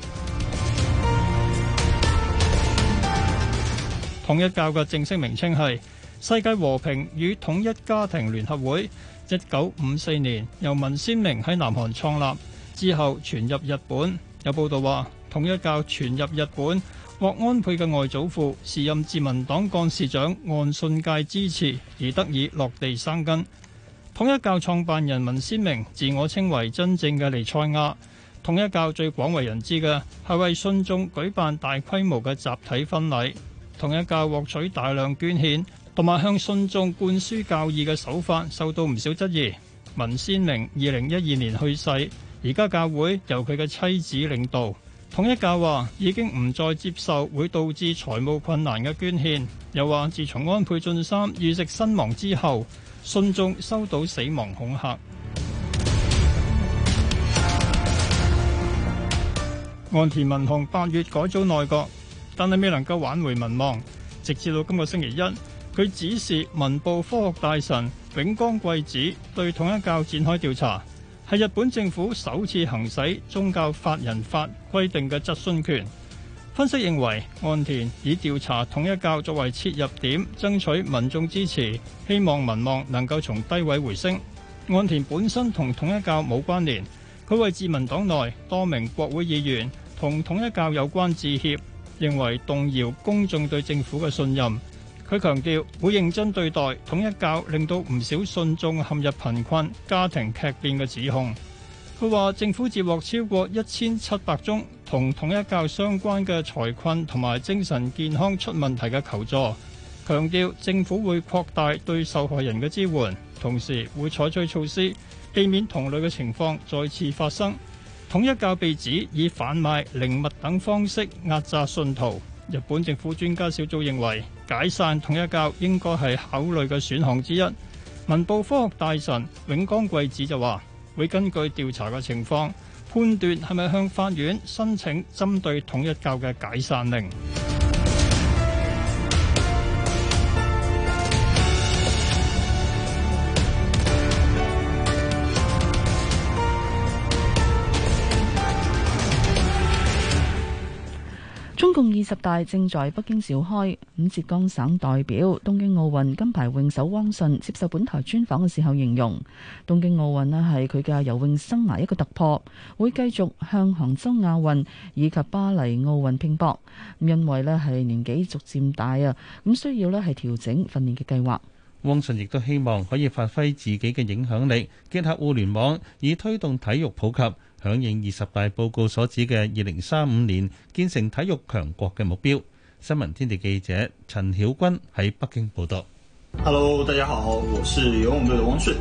統一教嘅正式名稱係世界和平與統一家庭聯合會。一九五四年由文鮮明喺南韓創立，之後傳入日本。有報道話。統一教傳入日本，獲安倍嘅外祖父時任自民黨幹事長，岸信介支持而得以落地生根。統一教創辦人文鮮明，自我稱為真正嘅彌賽亞。統一教最廣為人知嘅係為信眾舉辦大規模嘅集體婚禮。統一教獲取大量捐獻，同埋向信眾灌輸教義嘅手法受到唔少質疑。文鮮明二零一二年去世，而家教會由佢嘅妻子領導。統一教話已經唔再接受會導致財務困難嘅捐獻，又話自從安倍晉三遇襲身亡之後，信眾收到死亡恐嚇。 岸田文雄八月改組內閣，但係未能夠挽回民望，直至到今個星期一，佢指示文部科學大臣永光貴子對統一教展開調查。係日本政府首次行使宗教法人法規定嘅質詢權。分析認為，岸田以調查統一教作為切入點，爭取民眾支持，希望民望能夠從低位回升。岸田本身同統一教冇關聯，佢為自民黨內多名國會議員同統一教有關致歉，認為動搖公眾對政府嘅信任。佢強調會認真對待統一教令到唔少信眾陷入貧困、家庭劇變嘅指控。佢話政府接獲超過一千七百宗同統一教相關嘅財困同埋精神健康出問題嘅求助，強調政府會擴大對受害人嘅支援，同時會採取措施避免同類嘅情況再次發生。統一教被指以販賣靈物等方式壓榨信徒。日本政府專家小組認為解散統一教應該係考慮嘅選項之一。文部科學大臣永光桂子就話：會根據調查嘅情況，判斷係咪向法院申請針對統一教嘅解散令。中共二十大正在北京召開。咁浙江省代表、東京奧運金牌泳手汪順接受本台專訪嘅時候形容，東京奧運呢，係佢嘅游泳生涯一個突破，會繼續向杭州亞運以及巴黎奧運拼搏。因為呢，係年紀逐漸大啊，咁需要呢，係調整訓練嘅計劃。汪順亦都希望可以發揮自己嘅影響力，結合互聯網以推動體育普及。響應二十大報告所指嘅二零三五年建成體育強國嘅目標。新聞天地記者陳曉君喺北京報道。Hello，大家好，我是游泳隊嘅汪順。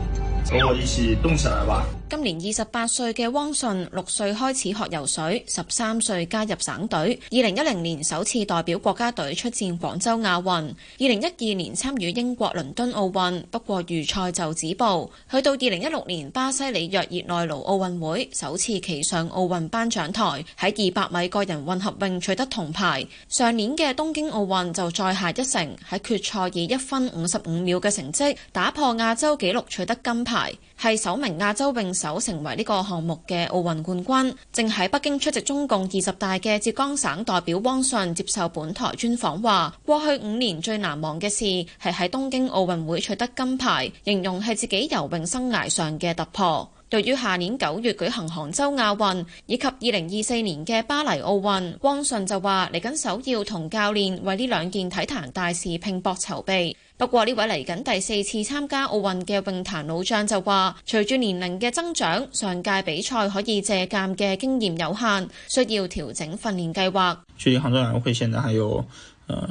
我以前東石話，今年二十八歲嘅汪順，六歲開始學游水，十三歲加入省隊，二零一零年首次代表國家隊出戰廣州亞運，二零一二年參與英國倫敦奧運，不過預賽就止步。去到二零一六年巴西里約熱內盧奧運會，首次企上奧運頒獎台，喺二百米個人混合泳取得銅牌。上年嘅東京奧運就再下一城，喺決賽以一分五十五秒嘅成績打破亞洲紀錄，取得金牌，係首名亞洲泳手成為呢個項目嘅奧運冠軍，正喺北京出席中共二十大嘅浙江省代表汪順接受本台專訪話，過去五年最難忘嘅事係喺東京奧運會取得金牌，形容係自己游泳生涯上嘅突破。對於下年九月舉行杭州亞運以及二零二四年嘅巴黎奧運，汪順就話：嚟緊首要同教練為呢兩件體壇大事拼搏籌備。不過呢位嚟緊第四次參加奧運嘅泳壇老將就話：隨住年齡嘅增長，上屆比賽可以借鑑嘅經驗有限，需要調整訓練計劃。距離杭州亞運會現在還有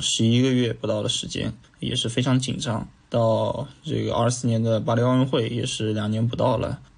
十一個月不到嘅時間，也是非常緊張。到這個二四年的巴黎奧運會，也是兩年不到了。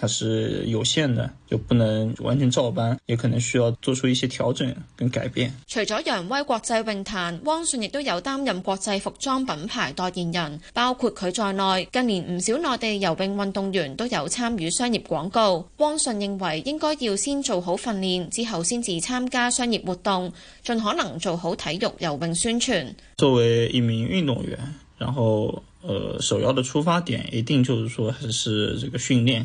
它是有限的，就不能完全照搬，也可能需要做出一些調整跟改變。除咗揚威國際泳壇，汪順亦都有擔任國際服裝品牌代言人。包括佢在內，近年唔少內地游泳運動員都有參與商業廣告。汪順認為應該要先做好訓練，之後先至參加商業活動，盡可能做好體育游泳宣傳。作為一名運動員，然後，呃，首要的出發點一定就是說，還是這個訓練。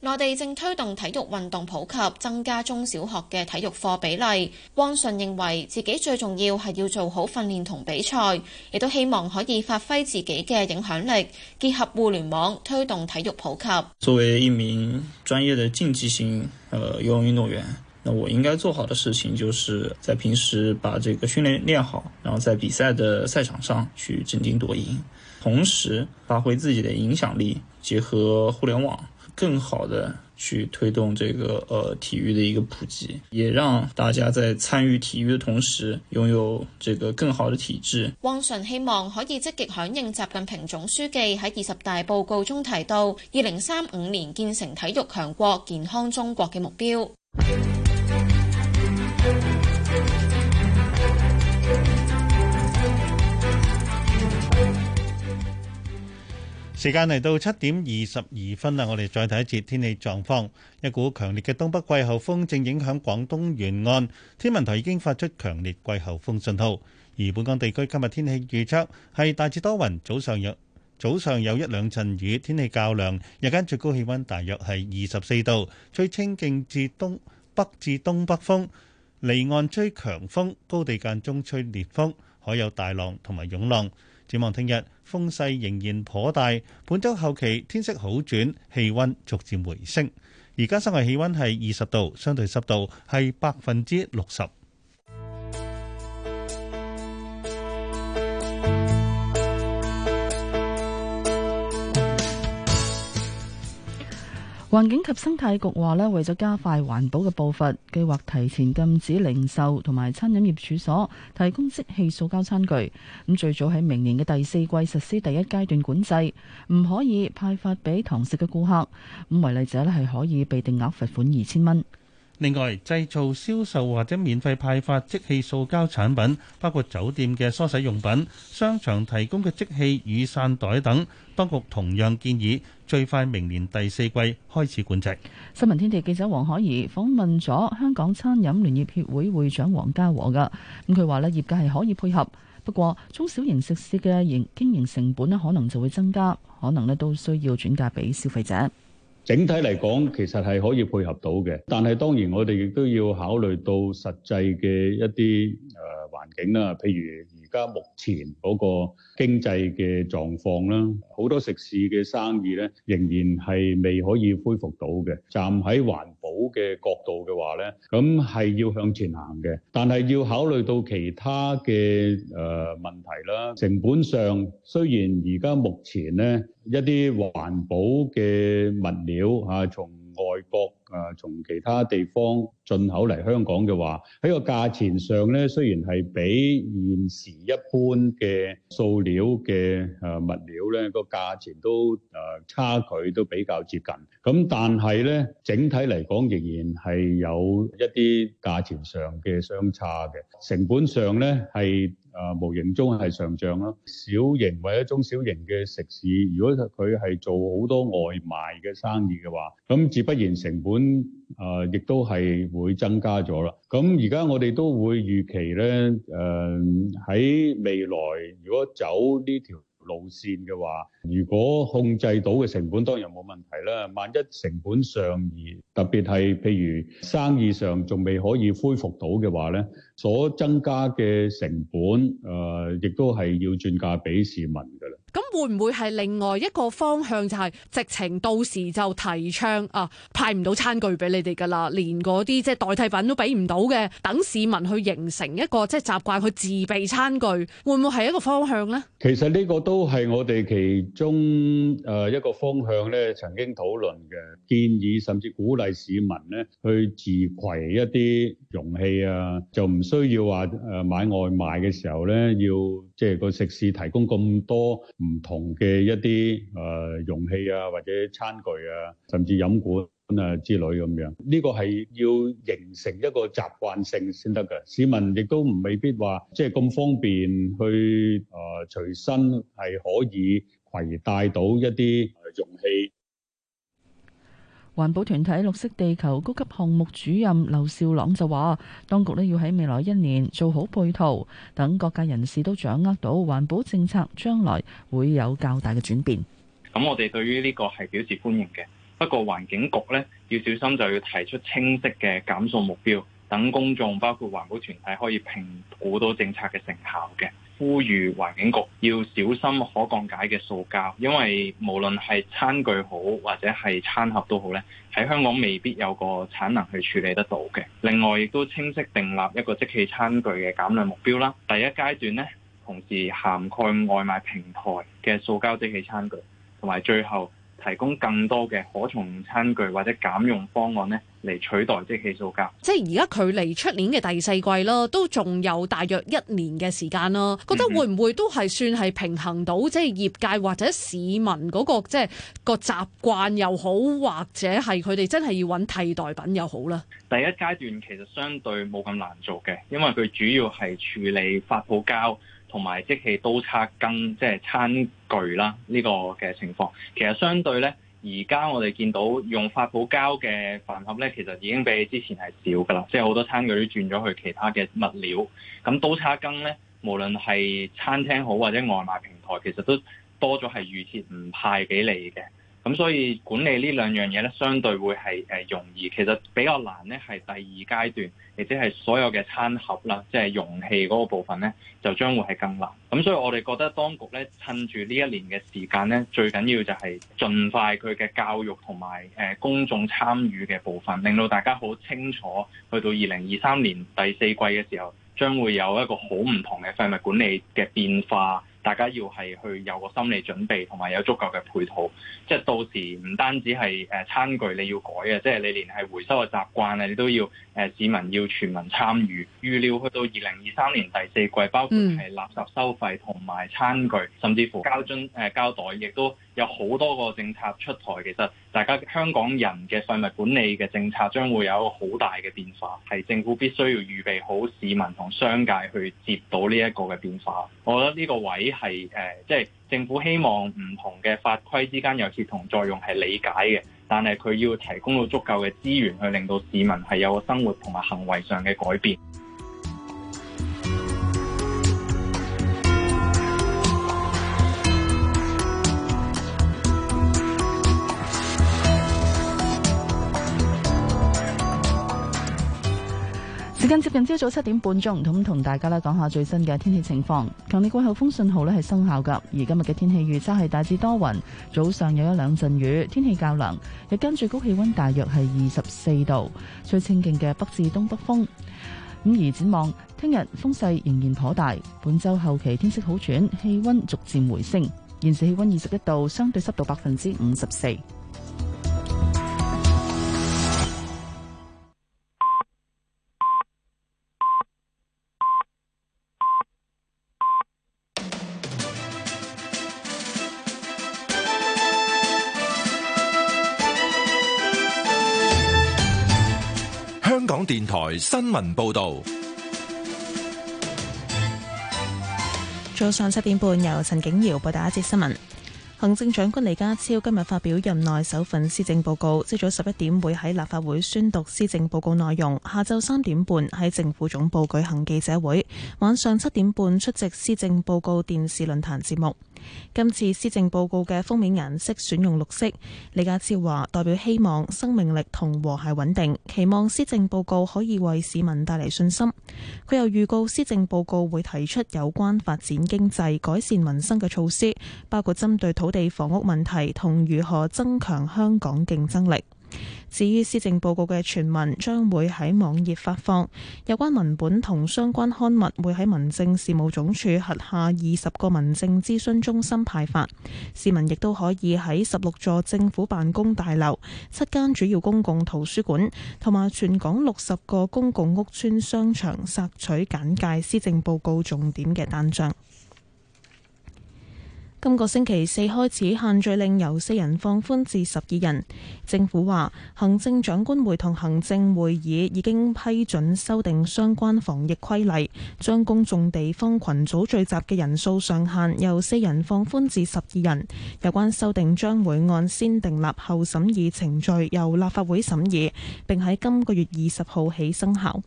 內地正推動體育運動普及，增加中小學嘅體育課比例。汪順認為自己最重要係要做好訓練同比賽，亦都希望可以發揮自己嘅影響力，結合互聯網推動體育普及。作為一名專業嘅競技性，呃，游泳運動員，那我應該做好的事情就是在平時把這個訓練練好，然後在比賽的賽場上去爭金奪銀，同時發揮自己的影響力，結合互聯網。更好的去推動這個，呃，體育的一個普及，也讓大家在參與體育的同時，擁有這個更好的體質。汪順希望可以積極響應習近平總書記喺二十大報告中提到，二零三五年建成體育強國、健康中國嘅目標。時間嚟到七點二十二分啦，我哋再睇一次天氣狀況。一股強烈嘅東北季候風正影響廣東沿岸，天文台已經發出強烈季候風信號。而本港地區今日天氣預測係大致多雲，早上有早上有一兩陣雨，天氣較涼，日間最高氣温大約係二十四度，吹清勁至東北至東北風，離岸吹強風，高地間中吹烈風，海有大浪同埋湧浪。展望聽日風勢仍然頗大，本周後期天色好轉，氣溫逐漸回升。而家室外氣溫係二十度，相對濕度係百分之六十。環境及生態局話咧，為咗加快環保嘅步伐，計劃提前禁止零售同埋餐飲業處所提供即棄塑膠餐具。咁最早喺明年嘅第四季實施第一階段管制，唔可以派發俾堂食嘅顧客。咁違例者咧係可以被定額罰款二千蚊。另外，製造、銷售或者免費派發即棄塑膠產品，包括酒店嘅梳洗用品、商場提供嘅即棄雨傘袋等，當局同樣建議最快明年第四季開始管制。新聞天地記者黃可怡訪問咗香港餐飲聯業協會會長黃家和嘅，咁佢話呢業界係可以配合，不過中小型食肆嘅營經營成本呢可能就會增加，可能呢都需要轉嫁俾消費者。整體嚟講，其實係可以配合到嘅，但係當然，我哋亦都要考慮到實際嘅一啲，呃，環境啦。譬如，而家目前，嗰個，經濟嘅狀況啦。好多食肆嘅生意咧，仍然係未可以恢復到嘅。站喺環保嘅角度嘅話咧，咁，係要向前行嘅。但係要考慮到其他嘅，呃，問題啦。成本上，雖然而家目前咧，一啲環保嘅物料啊，從外國啊，從其他地方，進口嚟香港嘅話，喺個價錢上咧，雖然係比現時一般嘅塑料嘅誒物料咧，個價錢都誒差距都比較接近，咁但係咧整體嚟講仍然係有一啲價錢上嘅相差嘅，成本上咧係誒無形中係上漲咯。小型或者中小型嘅食肆，如果佢係做好多外賣嘅生意嘅話，咁自不然成本。誒，亦、呃、都係會增加咗啦。咁而家我哋都會預期咧，誒、呃、喺未來，如果走呢條路線嘅話，如果控制到嘅成本，當然冇問題啦。萬一成本上移，特別係譬如生意上仲未可以恢復到嘅話咧。所增加嘅成本，誒，亦都係要轉嫁俾市民噶啦。咁會唔會係另外一個方向，就係直情到時就提倡啊，派唔到餐具俾你哋噶啦，連嗰啲即係代替品都俾唔到嘅，等市民去形成一個即係習慣去自備餐具，會唔會係一個方向咧？其實呢個都係我哋其中誒一個方向咧，曾經討論嘅建議，甚至鼓勵市民咧去自攜一啲容器啊，就唔～需要話誒買外賣嘅時候咧，要即係、就是、個食肆提供咁多唔同嘅一啲誒、呃、容器啊，或者餐具啊，甚至飲管誒、啊、之類咁樣。呢、這個係要形成一個習慣性先得㗎。市民亦都唔未必話即係咁方便去誒、呃、隨身係可以攜帶到一啲、呃、容器。環保團體綠色地球高級項目主任劉少朗就話，當局呢要喺未來一年做好配套，等各界人士都掌握到環保政策，將來會有較大嘅轉變。咁我哋對於呢個係表示歡迎嘅，不過環境局呢，要小心，就要提出清晰嘅減塑目標，等公眾包括環保團體可以評估到政策嘅成效嘅。呼籲環境局要小心可降解嘅塑膠，因為無論係餐具好或者係餐盒都好咧，喺香港未必有個產能去處理得到嘅。另外亦都清晰訂立一個即棄餐具嘅減量目標啦。第一階段咧，同時涵蓋外賣平台嘅塑膠即棄餐具，同埋最後。提供更多嘅可重餐具或者減用方案咧，嚟取代即棄塑膠。即係而家距離出年嘅第四季啦，都仲有大約一年嘅時間啦，覺得會唔會都係算係平衡到即係業界或者市民嗰、嗰個即係、即係、個習慣又好，或者係佢哋真係要揾替代品又好啦，第一階段其實相對冇咁難做嘅，因為佢主要係處理發泡膠。同埋即棄刀叉羹，即係餐具啦，呢個嘅情況，其實相對呢，而家我哋見到用發泡膠嘅飯盒呢，其實已經比之前係少噶啦，即係好多餐具都轉咗去其他嘅物料。咁刀叉羹呢，無論係餐廳好或者外賣平台，其實都多咗係預設唔派俾你嘅。咁所以管理呢兩樣嘢呢，相對會係誒容易。其實比較難呢，係第二階段。或者係所有嘅餐盒啦，即係容器嗰個部分咧，就將會係更難。咁所以我哋覺得當局咧，趁住呢一年嘅時間咧，最緊要就係盡快佢嘅教育同埋誒公眾參與嘅部分，令到大家好清楚去到二零二三年第四季嘅時候，將會有一個好唔同嘅廢物管理嘅變化。大家要係去有個心理準備，同埋有，有足夠嘅配套，即係到時唔單止係誒餐具你要改嘅，即係你連係回收嘅習慣啊，你都要。誒市民要全民參與，預料去到二零二三年第四季，包括係垃圾收費同埋餐具，甚至乎膠樽誒膠袋，亦都有好多個政策出台。其實大家香港人嘅廢物管理嘅政策將會有好大嘅變化，係政府必須要預備好市民同商界去接到呢一個嘅變化。我覺得呢個位係誒，即係政府希望唔同嘅法規之間有協同作用，係理解嘅。但係佢要提供到足夠嘅資源，去令到市民係有個生活同埋行為上嘅改變。近朝早七點半鐘，咁同大家咧講下最新嘅天氣情況。強烈季候風信號咧係生效噶，而今日嘅天氣預測係大致多雲，早上有一兩陣雨，天氣較涼，日間最高氣溫大約係二十四度，吹清勁嘅北至東北風。咁而展望聽日風勢仍然頗大，本周後期天色好轉，氣溫逐漸回升，現時氣溫二十一度，相對濕度百分之五十四。港電台新聞報道：早上七點半，由陳景瑤報第一節新聞。行政長官李家超今日發表任內首份施政報告，朝早十一點會喺立法會宣讀施政報告內容，下晝三點半喺政府總部舉行記者會，晚上七點半出席施政報告電視論壇節目。今次施政報告嘅封面顏色選用綠色，李家超話代表希望、生命力同和諧穩定，期望施政報告可以為市民帶嚟信心。佢又預告施政報告會提出有關發展經濟、改善民生嘅措施，包括針對土地房屋問題同如何增強香港競爭力。至於施政報告嘅全文將會喺網頁發放，有關文本同相關刊物會喺民政事務總署轄下二十個民政諮詢中心派發。市民亦都可以喺十六座政府辦公大樓、七間主要公共圖書館同埋全港六十個公共屋邨商場索取簡介施政報告重點嘅單張。今個星期四開始，限聚令由四人放寬至十二人。政府話，行政長官會同行政會議已經批准修訂相關防疫規例，將公眾地方群組聚集嘅人數上限由四人放寬至十二人。有關修訂將會按先訂立後審議程序，由立法會審議，並喺今個月二十號起生效。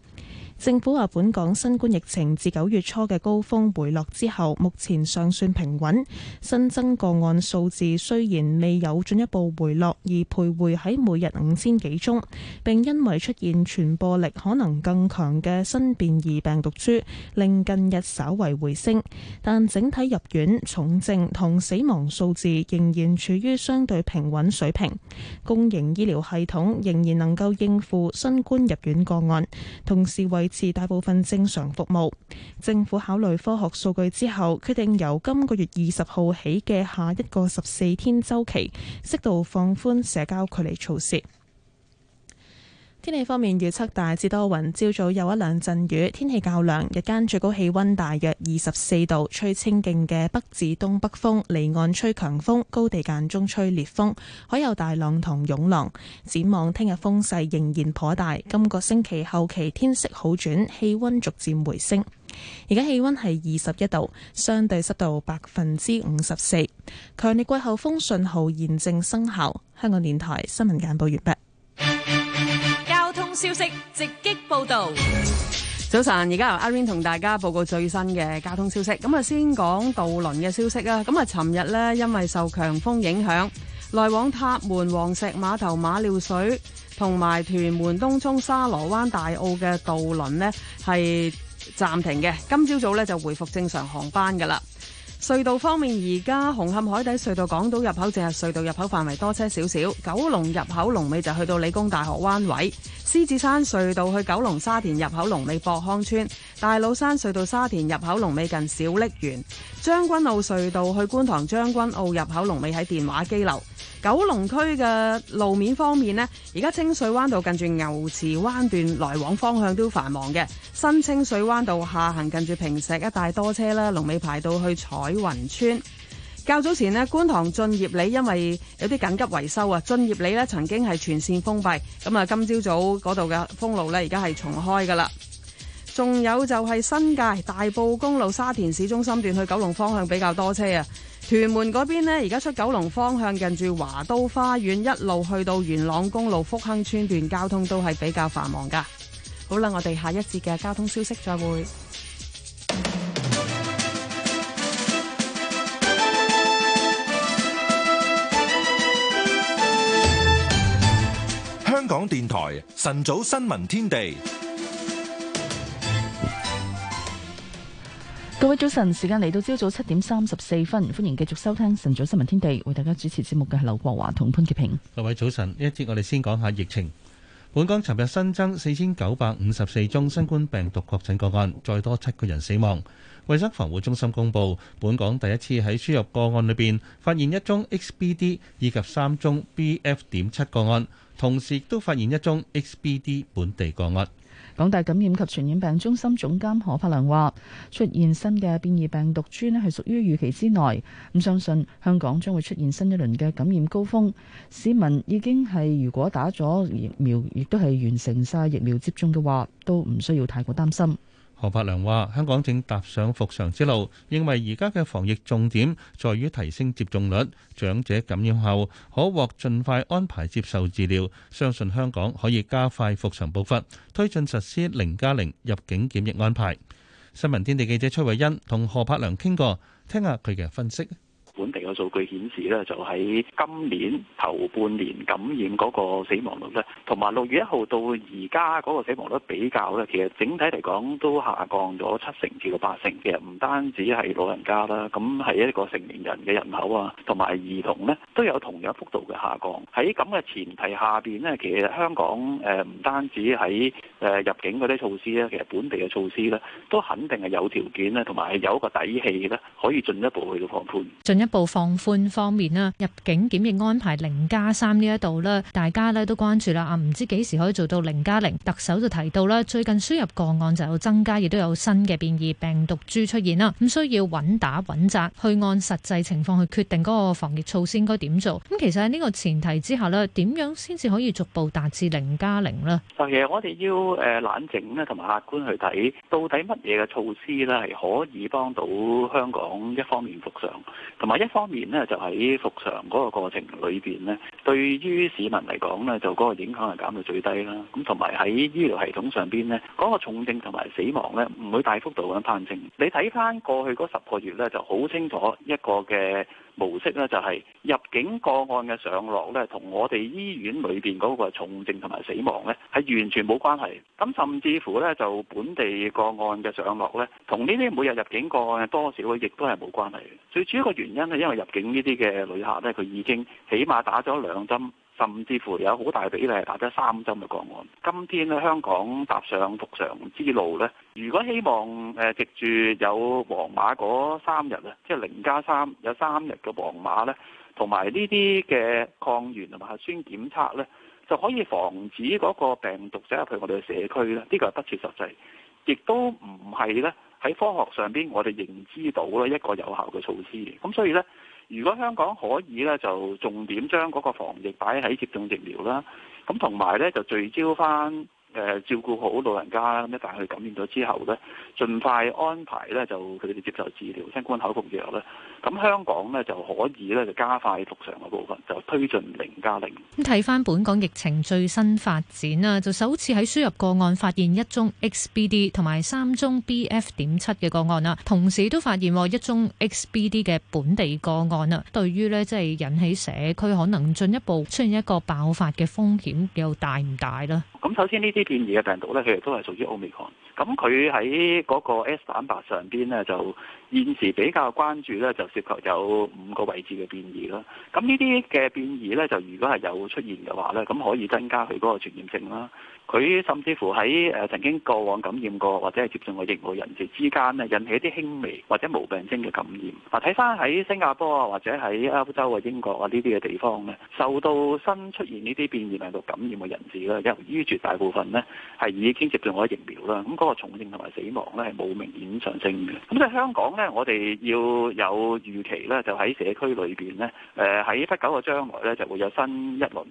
政府話：本港新冠疫情自九月初嘅高峰回落之後，目前尚算平穩。新增個案數字雖然未有進一步回落，而徘徊喺每日五千幾宗。並因為出現傳播力可能更強嘅新變異病毒株，令近日稍為回升。但整體入院、重症同死亡數字仍然處於相對平穩水平。公營醫療系統仍然能夠應付新冠入院個案，同時為持大部分正常服務，政府考慮科學數據之後，決定由今個月二十號起嘅下一個十四天周期，適度放寬社交距離措施。天氣方面，預測大致多雲，朝早有一兩陣雨，天氣較涼，日間最高氣溫大約二十四度，吹清勁嘅北至東北風，離岸吹強風，高地間中吹烈風，海有大浪同湧浪。展望聽日風勢仍然頗大，今個星期後期天色好轉，氣溫逐漸回升。而家氣溫係二十一度，相對濕度百分之五十四，強烈季候風信號現正生效。香港電台新聞簡報完畢。通消息直擊報道。早晨，而家由阿 Rain 同大家報告最新嘅交通消息。咁啊，先講渡輪嘅消息啦。咁啊，尋日咧因為受強風影響，來往塔門、黃石碼頭、馬料水同埋屯門、東涌、沙螺灣、大澳嘅渡輪咧係暫停嘅。今朝早咧就回復正常航班噶啦。隧道方面，而家紅磡海底隧道港島入口淨係隧道入口範圍多車少少，九龍入口龍尾就去到理工大學灣位，獅子山隧道去九龍沙田入口龍尾博康村，大老山隧道沙田入口龍尾近小瀝源，將軍澳隧道去觀塘將軍澳入口龍尾喺電話機樓。九龍區嘅路面方面咧，而家清水灣道近住牛池灣段來往方向都繁忙嘅，新清水灣道下行近住坪石一帶多車啦，龍尾排到去彩雲村。較早前咧，觀塘駿業里因為有啲緊急維修啊，駿業里咧曾經係全綫封閉，咁啊今朝早嗰度嘅封路咧而家係重開噶啦。仲有就係新界大埔公路沙田市中心段去九龍方向比較多車啊。屯門嗰邊呢，而家出九龍方向，近住華都花園一路去到元朗公路福亨村段，交通都係比較繁忙噶。好啦，我哋下一節嘅交通消息再會。香港電台晨早新聞天地。各位早晨，時間嚟到朝早七點三十四分，歡迎繼續收聽晨早新聞天地。為大家主持節目嘅係劉國華同潘潔平。各位早晨，呢一節我哋先講下疫情。本港尋日新增四千九百五十四宗新冠病毒確診個案，再多七個人死亡。衛生防護中心公布，本港第一次喺輸入個案裏邊發現一宗 XBD 以及三宗 BF 點七個案，同時亦都發現一宗 XBD 本地個案。港大感染及傳染病中心總監何柏良話，出現新嘅變異病毒株咧，係屬於預期之內，咁相信香港將會出現新一輪嘅感染高峰。市民已經係如果打咗疫苗，亦都係完成晒疫苗接種嘅話，都唔需要太過擔心。何柏良話：香港正踏上復常之路，認為而家嘅防疫重點在於提升接種率，長者感染後可獲盡快安排接受治療。相信香港可以加快復常步伐，推進實施零加零入境檢疫安排。新聞天地記者崔慧欣同何柏良傾過，聽下佢嘅分析。數據顯示咧，就喺今年頭半年感染嗰個死亡率咧，同埋六月一號到而家嗰個死亡率比較咧，其實整體嚟講都下降咗七成至到八成嘅，唔單止係老人家啦，咁係一個成年人嘅人口啊，同埋兒童咧都有同樣幅度嘅下降。喺咁嘅前提下邊咧，其實香港誒唔單止喺誒入境嗰啲措施咧，其實本地嘅措施咧都肯定係有條件咧，同埋有一個底氣咧，可以進一步去到放寬，進一步放。放寬方面咧，入境檢疫安排零加三呢一度咧，大家咧都關注啦啊！唔知幾時可以做到零加零？特首就提到啦，最近輸入個案就有增加，亦都有新嘅變異病毒株出現啦，咁需要穩打穩紮，去按實際情況去決定嗰個防疫措施應該點做。咁其實喺呢個前提之下咧，點樣先至可以逐步達至零加零呢？啊，其實我哋要誒冷靜咧，同埋客觀去睇，到底乜嘢嘅措施咧係可以幫到香港一方面復常，同埋一方。面咧就喺復常嗰個過程裏邊咧，對於市民嚟講咧，就嗰個影響係減到最低啦。咁同埋喺醫療系統上邊咧，嗰個重症同埋死亡咧，唔會大幅度咁攀升。你睇翻過去嗰十個月咧，就好清楚一個嘅。模式咧就係入境個案嘅上落咧，同我哋醫院裏邊嗰個重症同埋死亡咧，係完全冇關係。咁甚至乎咧，就本地個案嘅上落咧，同呢啲每日入境個案嘅多少亦都係冇關係嘅。最主要嘅原因係因為入境呢啲嘅旅客咧，佢已經起碼打咗兩針。甚至乎有好大比例打咗三針嘅個案。今天咧，香港踏上復常之路咧。如果希望誒、呃、藉住有黃碼嗰三日啊，即係零加三有三日嘅黃碼咧，同埋呢啲嘅抗原同埋核酸檢測咧，就可以防止嗰個病毒走入去我哋嘅社區咧。呢個係不切實際，亦都唔係咧喺科學上邊我哋認知到咯一個有效嘅措施。咁所以咧。如果香港可以咧，就重點將嗰個防疫擺喺接種疫苗啦，咁同埋咧就聚焦返。誒照顧好老人家，咁一但佢感染咗之後呢，盡快安排咧就佢哋接受治療，新冠口服藥咧。咁香港呢就可以咧就加快復常嘅步伐，就推進零加零。咁睇翻本港疫情最新發展啊，就首次喺輸入個案發現一宗 XBD 同埋三宗 BF 點七嘅個案啊，同時都發現一宗 XBD 嘅本地個案啊。對於咧即係引起社區可能進一步出現一個爆發嘅風險又大唔大咧？咁首先呢啲。啲變異嘅病毒咧，佢哋都係屬於 Omicron，咁佢喺嗰個 S 蛋白上邊咧，就現時比較關注咧，就涉及有五個位置嘅變異啦。咁呢啲嘅變異咧，就如果係有出現嘅話咧，咁可以增加佢嗰個傳染性啦。佢甚至乎喺誒曾經過往感染過或者係接種過疫苗人士之間咧，引起一啲輕微或者無病徵嘅感染。嗱、啊，睇翻喺新加坡啊，或者喺歐洲啊、英國啊呢啲嘅地方咧，受到新出現呢啲變異病毒感染嘅人士咧，由於絕大部分咧係已經接種過疫苗啦。咁嗰個重症同埋死亡咧係冇明顯上升嘅。咁即係香港呢，我哋要有預期咧，就喺社區裏邊呢，誒、呃、喺不久嘅將來呢，就會有新一輪。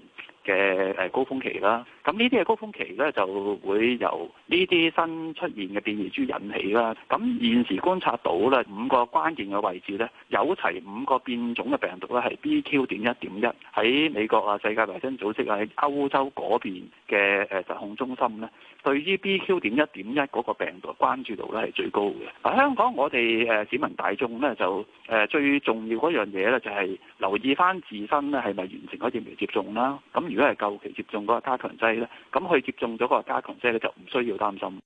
嘅誒高峰期啦，咁呢啲嘅高峰期咧就會由呢啲新出現嘅變異株引起啦。咁現時觀察到咧，五個關鍵嘅位置咧，有齊五個變種嘅病毒咧，係 BQ. 點一點一喺美國啊、世界衛生組織啊、歐洲嗰邊嘅誒疾控中心咧，對於 BQ. 點一點一嗰個病毒關注度咧係最高嘅。喺香港，我哋誒市民大眾咧就誒最重要嗰樣嘢咧就係留意翻自身咧係咪完成嗰啲疫苗接種啦。咁都係舊期接種嗰個加強劑啦，咁佢接種咗嗰個加強劑咧，就唔需要擔心。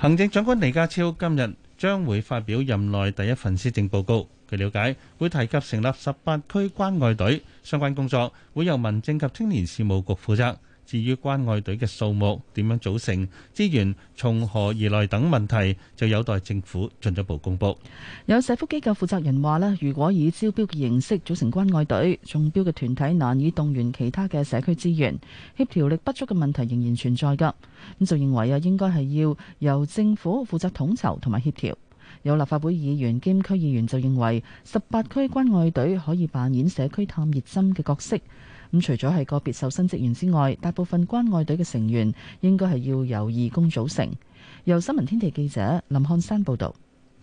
行政長官李家超今日將會發表任內第一份施政報告。據了解，會提及成立十八區關愛隊相關工作，會由民政及青年事務局負責。至於關愛隊嘅數目點樣組成、資源從何而來等問題，就有待政府進一步公佈。有社福機構負責人話呢，如果以招標嘅形式組成關愛隊，中標嘅團體難以動員其他嘅社區資源，協調力不足嘅問題仍然存在㗎。咁就認為啊，應該係要由政府負責統籌同埋協調。有立法會議員兼區議員就認為，十八區關愛隊可以扮演社區探熱針嘅角色。咁除咗係個別受薪職員之外，大部分關愛隊嘅成員應該係要由義工組成。由新聞天地記者林漢山報導。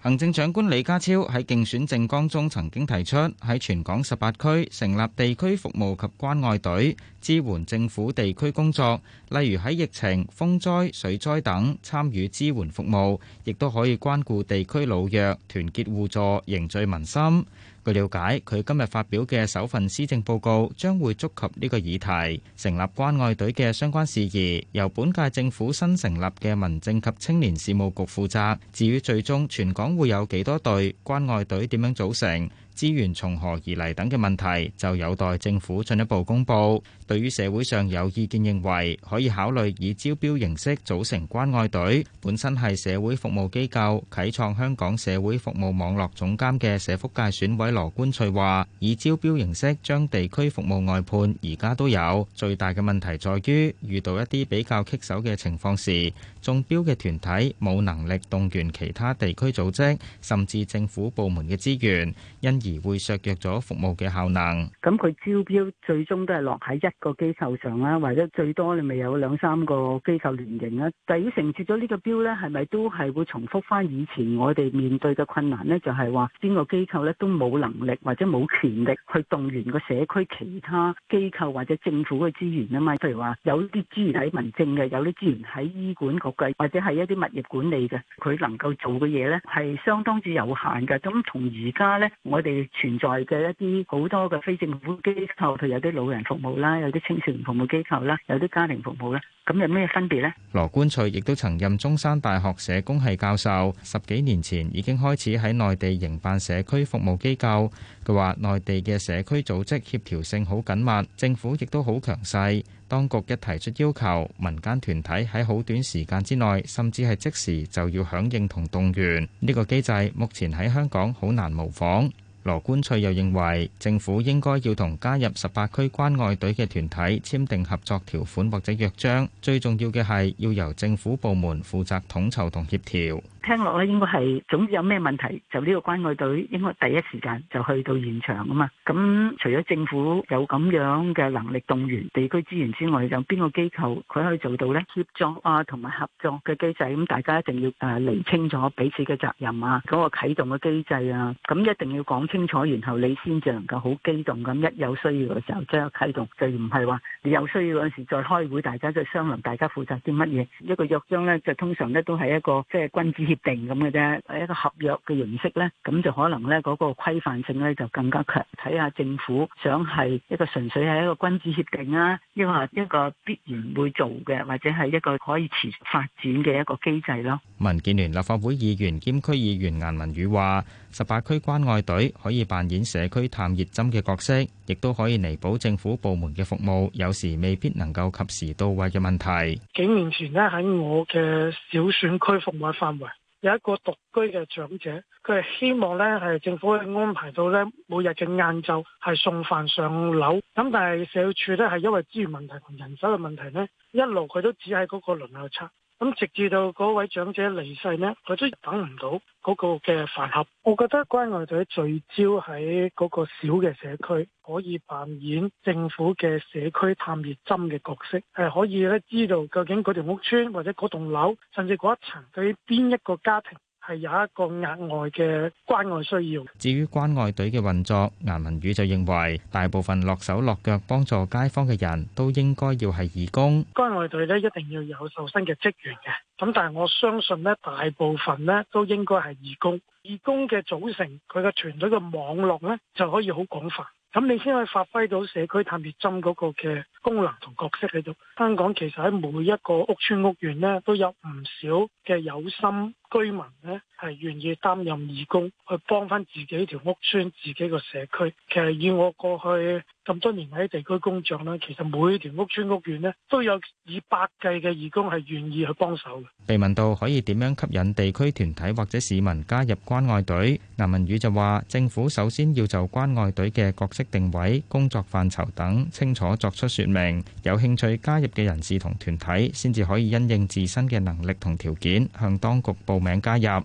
行政長官李家超喺競選政綱中曾經提出，喺全港十八區成立地區服務及關愛隊，支援政府地區工作，例如喺疫情、風災、水災等參與支援服務，亦都可以關顧地區老弱，團結互助，凝聚民心。據了解，佢今日發表嘅首份施政報告將會觸及呢個議題，成立關愛隊嘅相關事宜，由本屆政府新成立嘅民政及青年事務局負責。至於最終全港會有幾多隊關愛隊，點樣組成？資源從何而嚟等嘅問題就有待政府進一步公布。對於社會上有意見認為可以考慮以招標形式組成關愛隊，本身係社會服務機構啓創香港社會服務網絡總監嘅社福界選委羅冠翠話：以招標形式將地區服務外判，而家都有最大嘅問題，在於遇到一啲比較棘手嘅情況時，中標嘅團體冇能力動員其他地區組織，甚至政府部門嘅資源，因而會削弱咗服務嘅效能。咁佢招標最終都係落喺一個機構上啦，或者最多你咪有兩三個機構聯營啦。但係要承接咗呢個標咧，係咪都係會重複翻以前我哋面對嘅困難咧？就係話邊個機構咧都冇能力或者冇權力去動員個社區其他機構或者政府嘅資源啊嘛。譬如話有啲資源喺民政嘅，有啲資源喺醫管局。或者係一啲物業管理嘅，佢能夠做嘅嘢呢，係相當之有限嘅。咁同而家呢，我哋存在嘅一啲好多嘅非政府機構，譬如有啲老人服務啦，有啲青少年服務機構啦，有啲家庭服務啦，咁有咩分別呢？羅觀翠亦都曾任中山大學社工系教授，十幾年前已經開始喺內地營辦社區服務機構。佢話：內地嘅社區組織協調性好緊密，政府亦都好強勢，當局一提出要求，民間團體喺好短時間之內，甚至係即時就要響應同動員呢個機制，目前喺香港好難模仿。羅冠翠又認為政府應該要同加入十八區關愛隊嘅團體簽訂合作條款或者約章，最重要嘅係要由政府部門負責統籌同協調。聽落咧，應該係總之有咩問題，就呢個關愛隊應該第一時間就去到現場啊嘛。咁除咗政府有咁樣嘅能力動員地區資源之外，有邊個機構佢可以做到呢？協作啊，同埋合作嘅機制。咁大家一定要誒釐清楚彼此嘅責任啊，嗰個啟動嘅機制啊。咁一定要講清楚，然後你先至能夠好機動咁，一有需要嘅時候即刻啟動，就唔係話你有需要嗰陣時再開會，大家再商量，大家負責啲乜嘢。一個約章呢，就通常呢都係一個即係君子定咁嘅啫，一個合約嘅形式咧，咁就可能咧嗰個規範性咧就更加強。睇下政府想係一個純粹係一個君子協定啊，抑或一個必然會做嘅，或者係一個可以持續發展嘅一個機制咯。民建聯立法會議員兼區議員顏文宇話，十八區關愛隊可以扮演社區探熱針嘅角色，亦都可以彌補政府部門嘅服務有時未必能夠及時到位嘅問題。幾年前咧喺我嘅小選區服務範圍。有一個獨居嘅長者，佢係希望咧係政府安排到咧每日嘅晏晝係送飯上樓，咁但係社會處咧係因為資源問題同人手嘅問題咧，一路佢都只喺嗰個輪候冊。咁直至到嗰位長者離世呢，佢都等唔到嗰個嘅飯盒。我覺得關愛隊聚焦喺嗰個小嘅社區可以扮演政府嘅社區探熱針嘅角色，係、呃、可以咧知道究竟嗰條屋邨或者嗰棟樓甚至嗰一層對於邊一個家庭。係有一個額外嘅關愛需要。至於關愛隊嘅運作，顏文宇就認為大部分落手落腳幫助街坊嘅人都應該要係義工。關愛隊咧一定要有受薪嘅職員嘅，咁但係我相信咧，大部分咧都應該係義工。義工嘅組成，佢嘅團隊嘅網絡咧就可以好廣泛，咁你先可以發揮到社區探熱針嗰個嘅功能同角色喺度。香港其實喺每一個屋村屋苑咧都有唔少嘅有心。居民呢係願意擔任義工去幫翻自己條屋邨、自己個社區。其實以我過去咁多年喺地區工作呢，其實每條屋邨屋苑呢都有以百計嘅義工係願意去幫手嘅。被問到可以點樣吸引地區團體或者市民加入關愛隊，顏文宇就話：政府首先要就關愛隊嘅角色定位、工作範疇等清楚作出説明，有興趣加入嘅人士同團體先至可以因應自身嘅能力同條件向當局報名加入。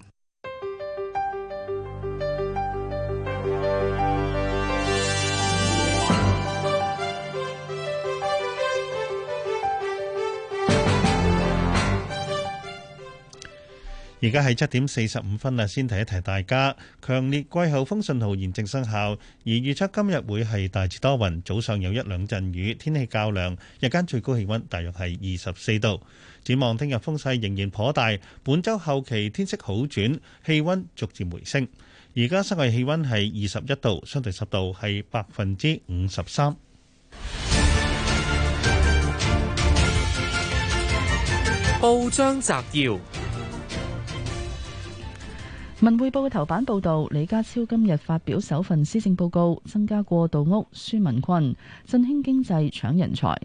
而家係七點四十五分啦，先提一提大家，強烈季候風信號現正生效，而預測今日會係大致多雲，早上有一兩陣雨，天氣較涼，日間最高氣溫大約係二十四度。展望聽日風勢仍然頗大，本周後期天色好轉，氣温逐漸回升。而家室外氣温係二十一度，相對濕度係百分之五十三。報章摘要：文匯報嘅頭版報道，李家超今日發表首份施政報告，增加過渡屋。舒文坤振興經濟搶人才。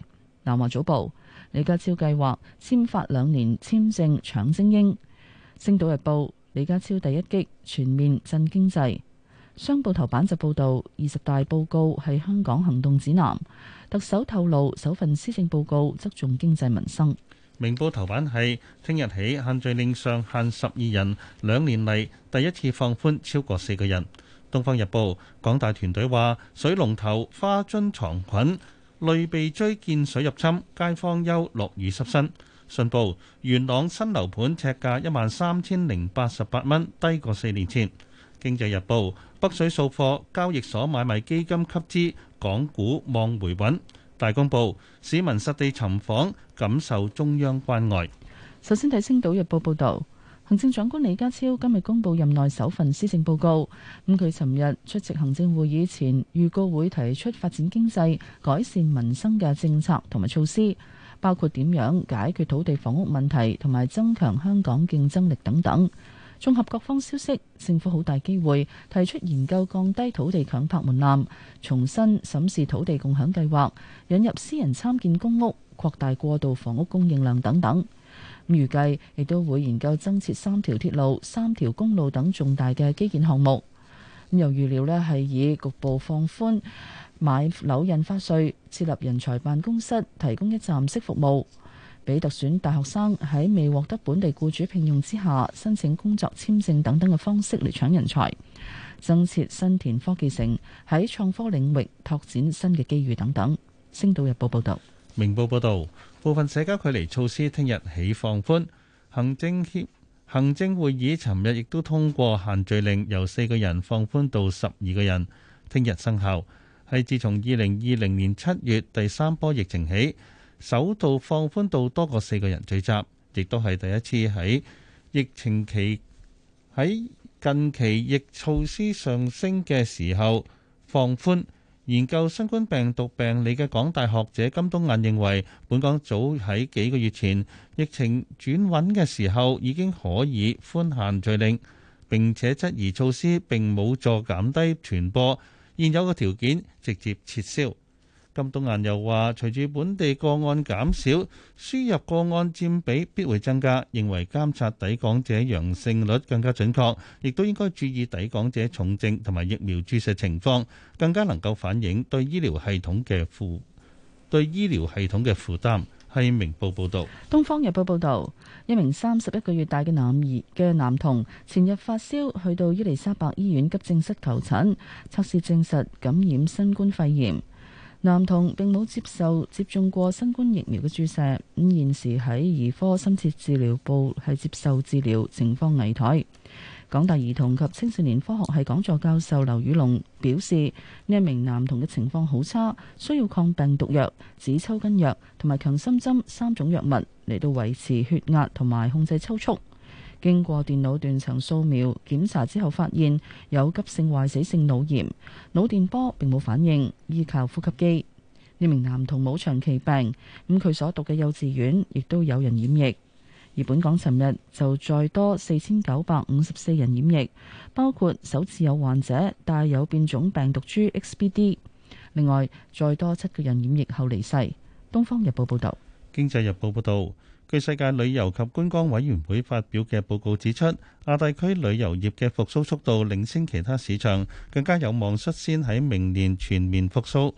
南華早報。李家超計劃簽發兩年簽證搶精英，《星島日報》李家超第一擊全面振經濟，《商報》頭版就報道二十大報告係香港行動指南，特首透露首份施政報告側重經濟民生，明《明報》頭版係聽日起限聚令上限十二人，兩年嚟第一次放寬超過四個人，《東方日報》港大團隊話水龍頭花樽藏菌。累被追建水入侵，街坊憂落雨濕身。信報元朗新樓盤尺價一萬三千零八十八蚊，低過四年前。經濟日報北水掃貨，交易所買賣基金吸資，港股望回穩。大公報市民實地尋訪，感受中央關愛。首先睇《星島日報》報道。行政長官李家超今日公布任內首份施政報告，咁佢尋日出席行政會議前預告會提出發展經濟、改善民生嘅政策同埋措施，包括點樣解決土地房屋問題同埋增強香港競爭力等等。綜合各方消息，政府好大機會提出研究降低土地強拍門檻、重新審視土地共享計劃、引入私人參建公屋、擴大過渡房屋供應量等等。預計亦都會研究增設三條鐵路、三條公路等重大嘅基建項目。咁又預料呢係以局部放寬買樓印花稅、設立人才辦公室、提供一站式服務，俾特選大學生喺未獲得本地雇主聘用之下申請工作簽證等等嘅方式嚟搶人才。增設新田科技城喺創科領域拓展新嘅機遇等等。星島日報報道。明報報導。部分社交距離措施聽日起放寬，行政協行政會議尋日亦都通過限聚令，由四個人放寬到十二個人，聽日生效。係自從二零二零年七月第三波疫情起，首度放寬到多過四個人聚集，亦都係第一次喺疫情期喺近期疫措施上升嘅時候放寬。研究新冠病毒病理嘅港大學者金東銀認為，本港早喺幾個月前疫情轉穩嘅時候，已經可以寬限聚令，並且質疑措施並冇助減低傳播，現有嘅條件直接撤銷。金冬燕又話：隨住本地個案減少，輸入個案佔比必會增加。認為監察抵港者陽性率更加準確，亦都應該注意抵港者重症同埋疫苗注射情況，更加能夠反映對醫療系統嘅負對醫療系統嘅負擔。係明報報道，《東方日報》報道：「一名三十一個月大嘅男兒嘅男童前日發燒，去到伊利沙伯醫院急症室求診，測試證實感染新冠肺炎。」男童並冇接受接種過新冠疫苗嘅注射，咁現時喺兒科深切治療部係接受治療，情況危殆。港大兒童及青少年科學系講座教授劉宇隆表示，呢一名男童嘅情況好差，需要抗病毒藥、止抽筋藥同埋強心針三種藥物嚟到維持血壓同埋控制抽搐。經過電腦斷層掃描檢查之後，發現有急性壞死性腦炎，腦電波並冇反應，依靠呼吸機。呢名男童冇長期病，咁佢所讀嘅幼稚園亦都有人染疫。而本港尋日就再多四千九百五十四人染疫，包括首次有患者帶有變種病毒株 XBD。另外，再多七個人染疫後離世。東方日報報道，經濟日報報道。據世界旅遊及觀光委員會發表嘅報告指出，亞太區旅遊業嘅復甦速度領先其他市場，更加有望率先喺明年全面復甦。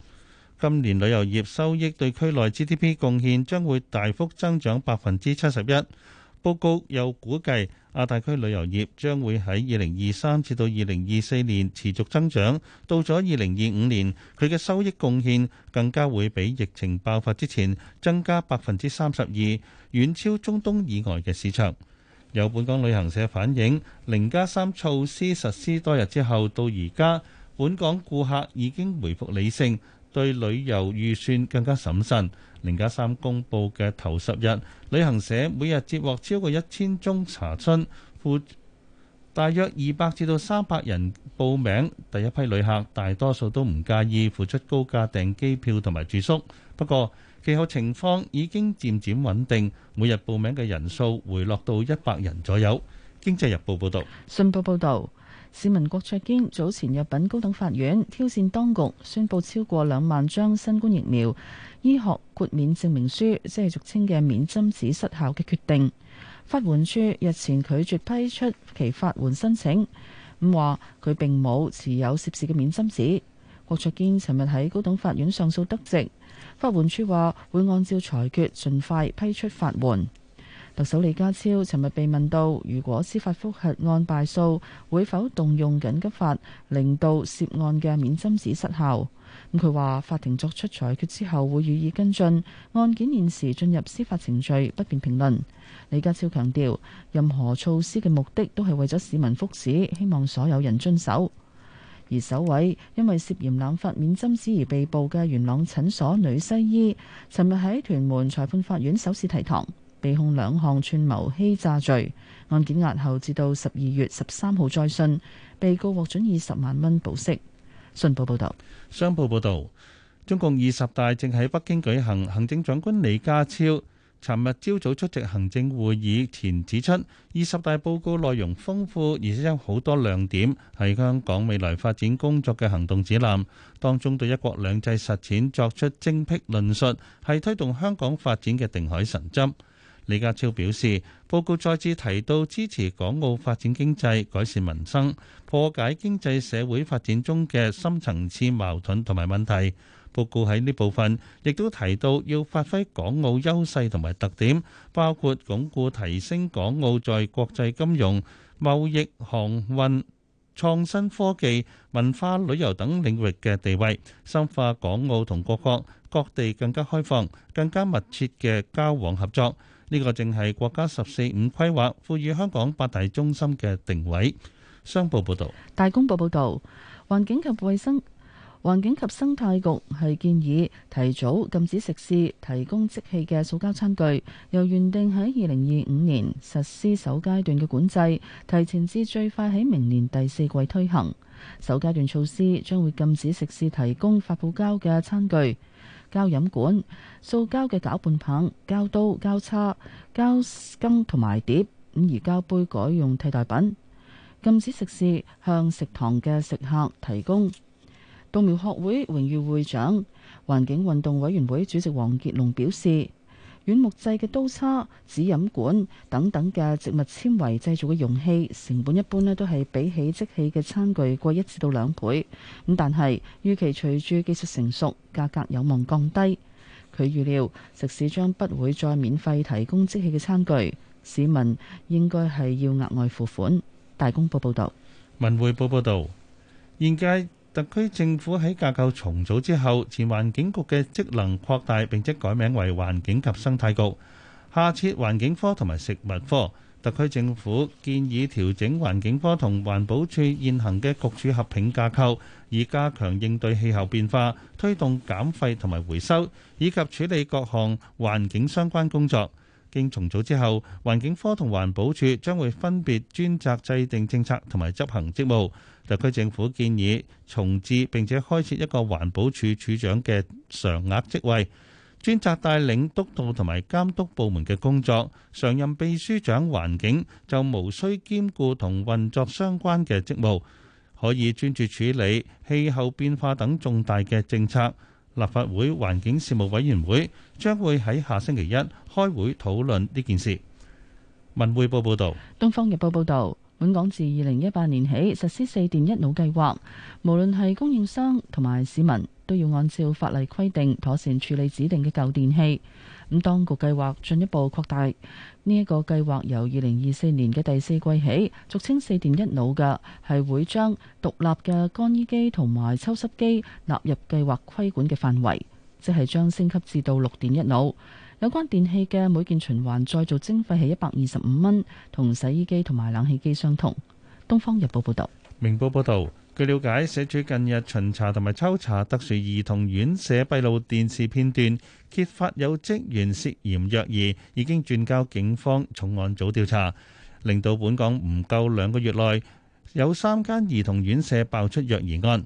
今年旅遊業收益對區內 GDP 貢獻將會大幅增長百分之七十一。報告又估計，亞太區旅遊業將會喺二零二三至到二零二四年持續增長，到咗二零二五年，佢嘅收益貢獻更加會比疫情爆發之前增加百分之三十二，遠超中東以外嘅市場。有本港旅行社反映，零加三措施實施多日之後，到而家，本港顧客已經回復理性，對旅遊預算更加審慎。零加三公布嘅頭十日，旅行社每日接獲超過一千宗查詢，付大約二百至到三百人報名。第一批旅客大多數都唔介意付出高價訂機票同埋住宿，不過其後情況已經漸漸穩定，每日報名嘅人數回落到一百人左右。經濟日報報道。信報報導。市民郭卓堅早前入稟高等法院挑戰當局宣佈超過兩萬張新冠疫苗醫學豁免證明書，即係俗稱嘅免針紙失效嘅決定。法援處日前拒絕批出其法援申請，咁話佢並冇持有涉事嘅免針紙。郭卓堅尋日喺高等法院上訴得直，法援處話會按照裁決盡快批出法援。特首李家超尋日被問到，如果司法覆核案敗訴，會否動用緊急法，令到涉案嘅免針紙失效？咁佢話：法庭作出裁決之後，會予以跟進。案件現時進入司法程序，不便評論。李家超強調，任何措施嘅目的都係為咗市民福祉，希望所有人遵守。而首位因為涉嫌濫發免針紙而被捕嘅元朗診所女西醫，尋日喺屯門裁判法院首次提堂。被控兩項串謀欺詐罪，案件押後至到十二月十三號再訊。被告獲准以十萬蚊保釋。信報報道，商報報道，中共二十大正喺北京舉行。行政長官李家超尋日朝早出席行政會議前指出，二十大報告內容豐富，而且有好多亮點，係香港未來發展工作嘅行動指南。當中對一國兩制實踐作出精闢論述，係推動香港發展嘅定海神針。李家超表示，報告再次提到支持港澳發展經濟、改善民生、破解經濟社會發展中嘅深層次矛盾同埋問題。報告喺呢部分亦都提到要發揮港澳優勢同埋特點，包括鞏固提升港澳在國際金融、貿易、航運、創新科技、文化旅遊等領域嘅地位，深化港澳同各國各地更加開放、更加密切嘅交往合作。呢個正係國家十四五規劃賦予香港八大中心嘅定位。商報報道，大公報報道，環境及衛生環境及生態局係建議提早禁止食肆提供即棄嘅塑膠餐具，由原定喺二零二五年實施首階段嘅管制，提前至最快喺明年第四季推行。首階段措施將會禁止食肆提供發泡膠嘅餐具。膠飲管、塑膠嘅攪拌棒、膠刀、膠叉、膠羹同埋碟，咁而膠杯改用替代品，禁止食肆向食堂嘅食客提供。稻苗學會榮譽會長、環境運動委員會主席黃傑龍表示。軟木製嘅刀叉、紙飲管等等嘅植物纖維製造嘅容器，成本一般咧都係比起即棄嘅餐具貴一至到兩倍。咁但係預期隨住技術成熟，價格有望降低。佢預料食肆將不會再免費提供即棄嘅餐具，市民應該係要額外付款。大公報報道，文匯報報道，現特區政府喺架構重組之後，前環境局嘅職能擴大，並且改名為環境及生態局，下設環境科同埋食物科。特區政府建議調整環境科同環保署現行嘅局處合併架構，以加強應對氣候變化、推動減廢同埋回收，以及處理各項環境相關工作。經重組之後，環境科同環保署將會分別專責制定政策同埋執行職務。特區政府建議重置並且開設一個環保署處長嘅常額職位，專責帶領督導同埋監督部門嘅工作。常任秘書長環境就無需兼顧同運作相關嘅職務，可以專注處理氣候變化等重大嘅政策。立法會環境事務委員會將會喺下星期一開會討論呢件事。《文匯報》報道。《東方日報》報道。本港自二零一八年起實施四電一腦計劃，無論係供應商同埋市民都要按照法例規定妥善處理指定嘅舊電器。咁當局計劃進一步擴大。呢一個計劃由二零二四年嘅第四季起，俗稱四電一腦嘅係會將獨立嘅乾衣機同埋抽濕機納入計劃規管嘅範圍，即係將升級至到六電一腦。有關電器嘅每件循環再造徵費係一百二十五蚊，同洗衣機同埋冷氣機相同。《東方日報》報道。《明報》報道。據了解，社署近日巡查同埋抽查特殊兒童院舍閉路電視片段，揭發有職員涉嫌虐兒，已經轉交警方重案組調查，令到本港唔夠兩個月內有三間兒童院舍爆出虐兒案。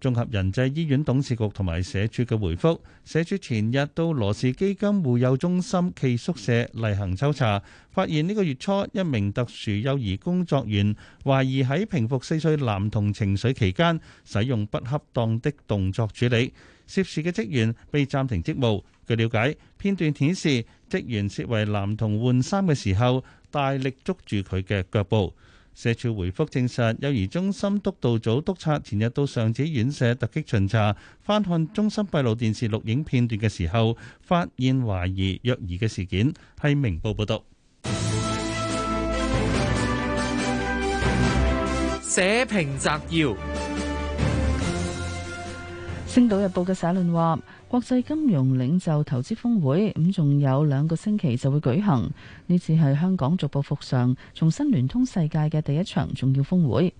綜合仁濟醫院董事局同埋社署嘅回覆，社署前日到羅氏基金護幼中心暨宿舍例行抽查，發現呢個月初一名特殊幼兒工作員懷疑喺平復四歲男童情緒期間使用不恰當的動作處理，涉事嘅職員被暫停職務。據了解，片段顯示職員涉為男童換衫嘅時候大力捉住佢嘅腳部。社署回覆證實，幼兒中心督導組督察前日到上址院舍突擊巡查，翻看中心閉路電視錄影片段嘅時候，發現懷疑虐兒嘅事件。係明報報道。社評摘要，《星島日報》嘅社論話。國際金融領袖投資峰會咁，仲有兩個星期就會舉行。呢次係香港逐步復常，重新聯通世界嘅第一場重要峰會。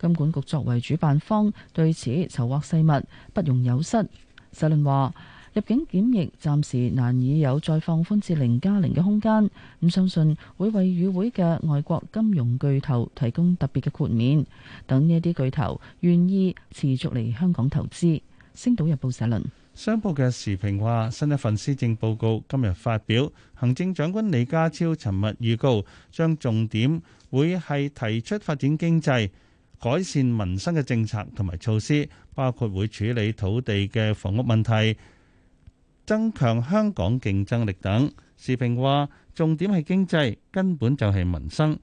金管局作為主辦方，對此籌劃細密，不容有失。社論話，入境檢疫暫時難以有再放寬至零加零嘅空間，咁相信會為與會嘅外國金融巨頭提供特別嘅豁免，等呢一啲巨頭願意持續嚟香港投資。《星島日報》社論。商報嘅時評話：新一份施政報告今日發表，行政長官李家超尋日預告，將重點會係提出發展經濟、改善民生嘅政策同埋措施，包括會處理土地嘅房屋問題、增強香港競爭力等。時評話：重點係經濟，根本就係民生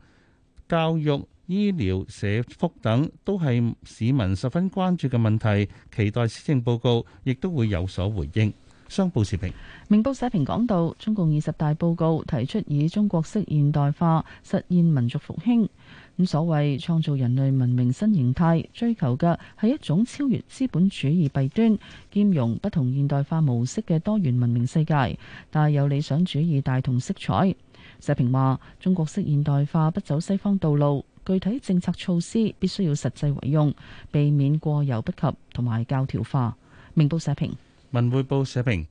教育。醫療、社福等都係市民十分關注嘅問題，期待施政報告亦都會有所回應。商報時評明報社評講到，中共二十大報告提出以中國式現代化實現民族復興。咁所謂創造人類文明新形態，追求嘅係一種超越資本主義弊端、兼容不同現代化模式嘅多元文明世界，帶有理想主義大同色彩。社評話中國式現代化不走西方道路。具體政策措施必須要實際為用，避免過猶不及同埋教條化。明報社評，文匯報社評，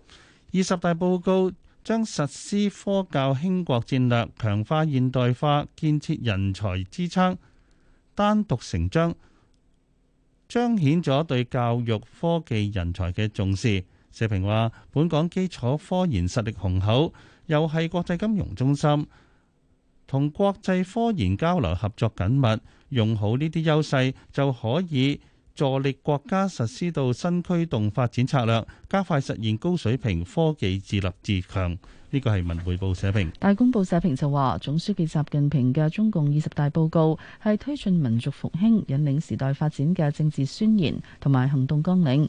二十大報告將實施科教興國戰略，強化現代化建設人才支撐，單獨成章，彰顯咗對教育科技人才嘅重視。社評話：本港基礎科研實力雄厚，又係國際金融中心。同國際科研交流合作緊密，用好呢啲優勢，就可以助力國家實施到新驅動發展策略，加快實現高水平科技自立自強。呢個係文匯報社評，大公報社評就話，總書記習近平嘅中共二十大報告係推進民族復興、引領時代發展嘅政治宣言同埋行動綱領。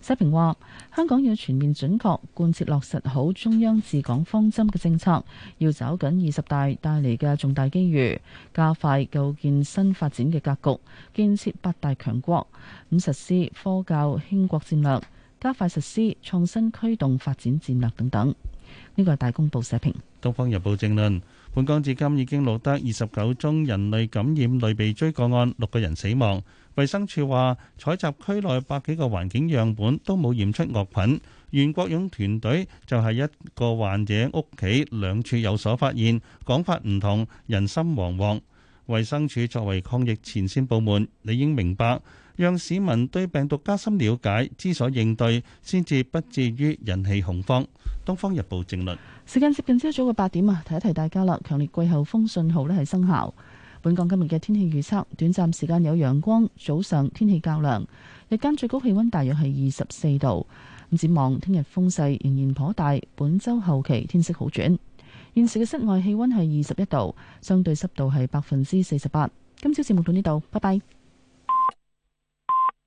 社評話：香港要全面準確貫徹落實好中央治港方針嘅政策，要抓緊二十大帶嚟嘅重大機遇，加快構建新發展嘅格局，建設八大強國，咁實施科教興國戰略，加快實施創新驅動發展戰略等等。呢個係大公報社評，《東方日報》政論：本港至今已經錄得二十九宗人類感染類鼻疽個案，六個人死亡。衛生署話，採集區內百幾個環境樣本都冇驗出惡菌。袁國勇團隊就係一個患者屋企兩處有所發現，講法唔同，人心惶惶。衛生署作為抗疫前線部門，理應明白，讓市民對病毒加深了解，知所應對，先至不至於引起恐慌。東方日報正論。時間接近朝早嘅八點啊，提一提大家啦，強烈季候風信號呢係生效。本港今日嘅天氣預測，短暫時間有陽光，早上天氣較涼，日間最高氣溫大約係二十四度。展望聽日風勢仍然頗大，本周後期天色好轉。現時嘅室外氣溫係二十一度，相對濕度係百分之四十八。今朝節目到呢度，拜拜。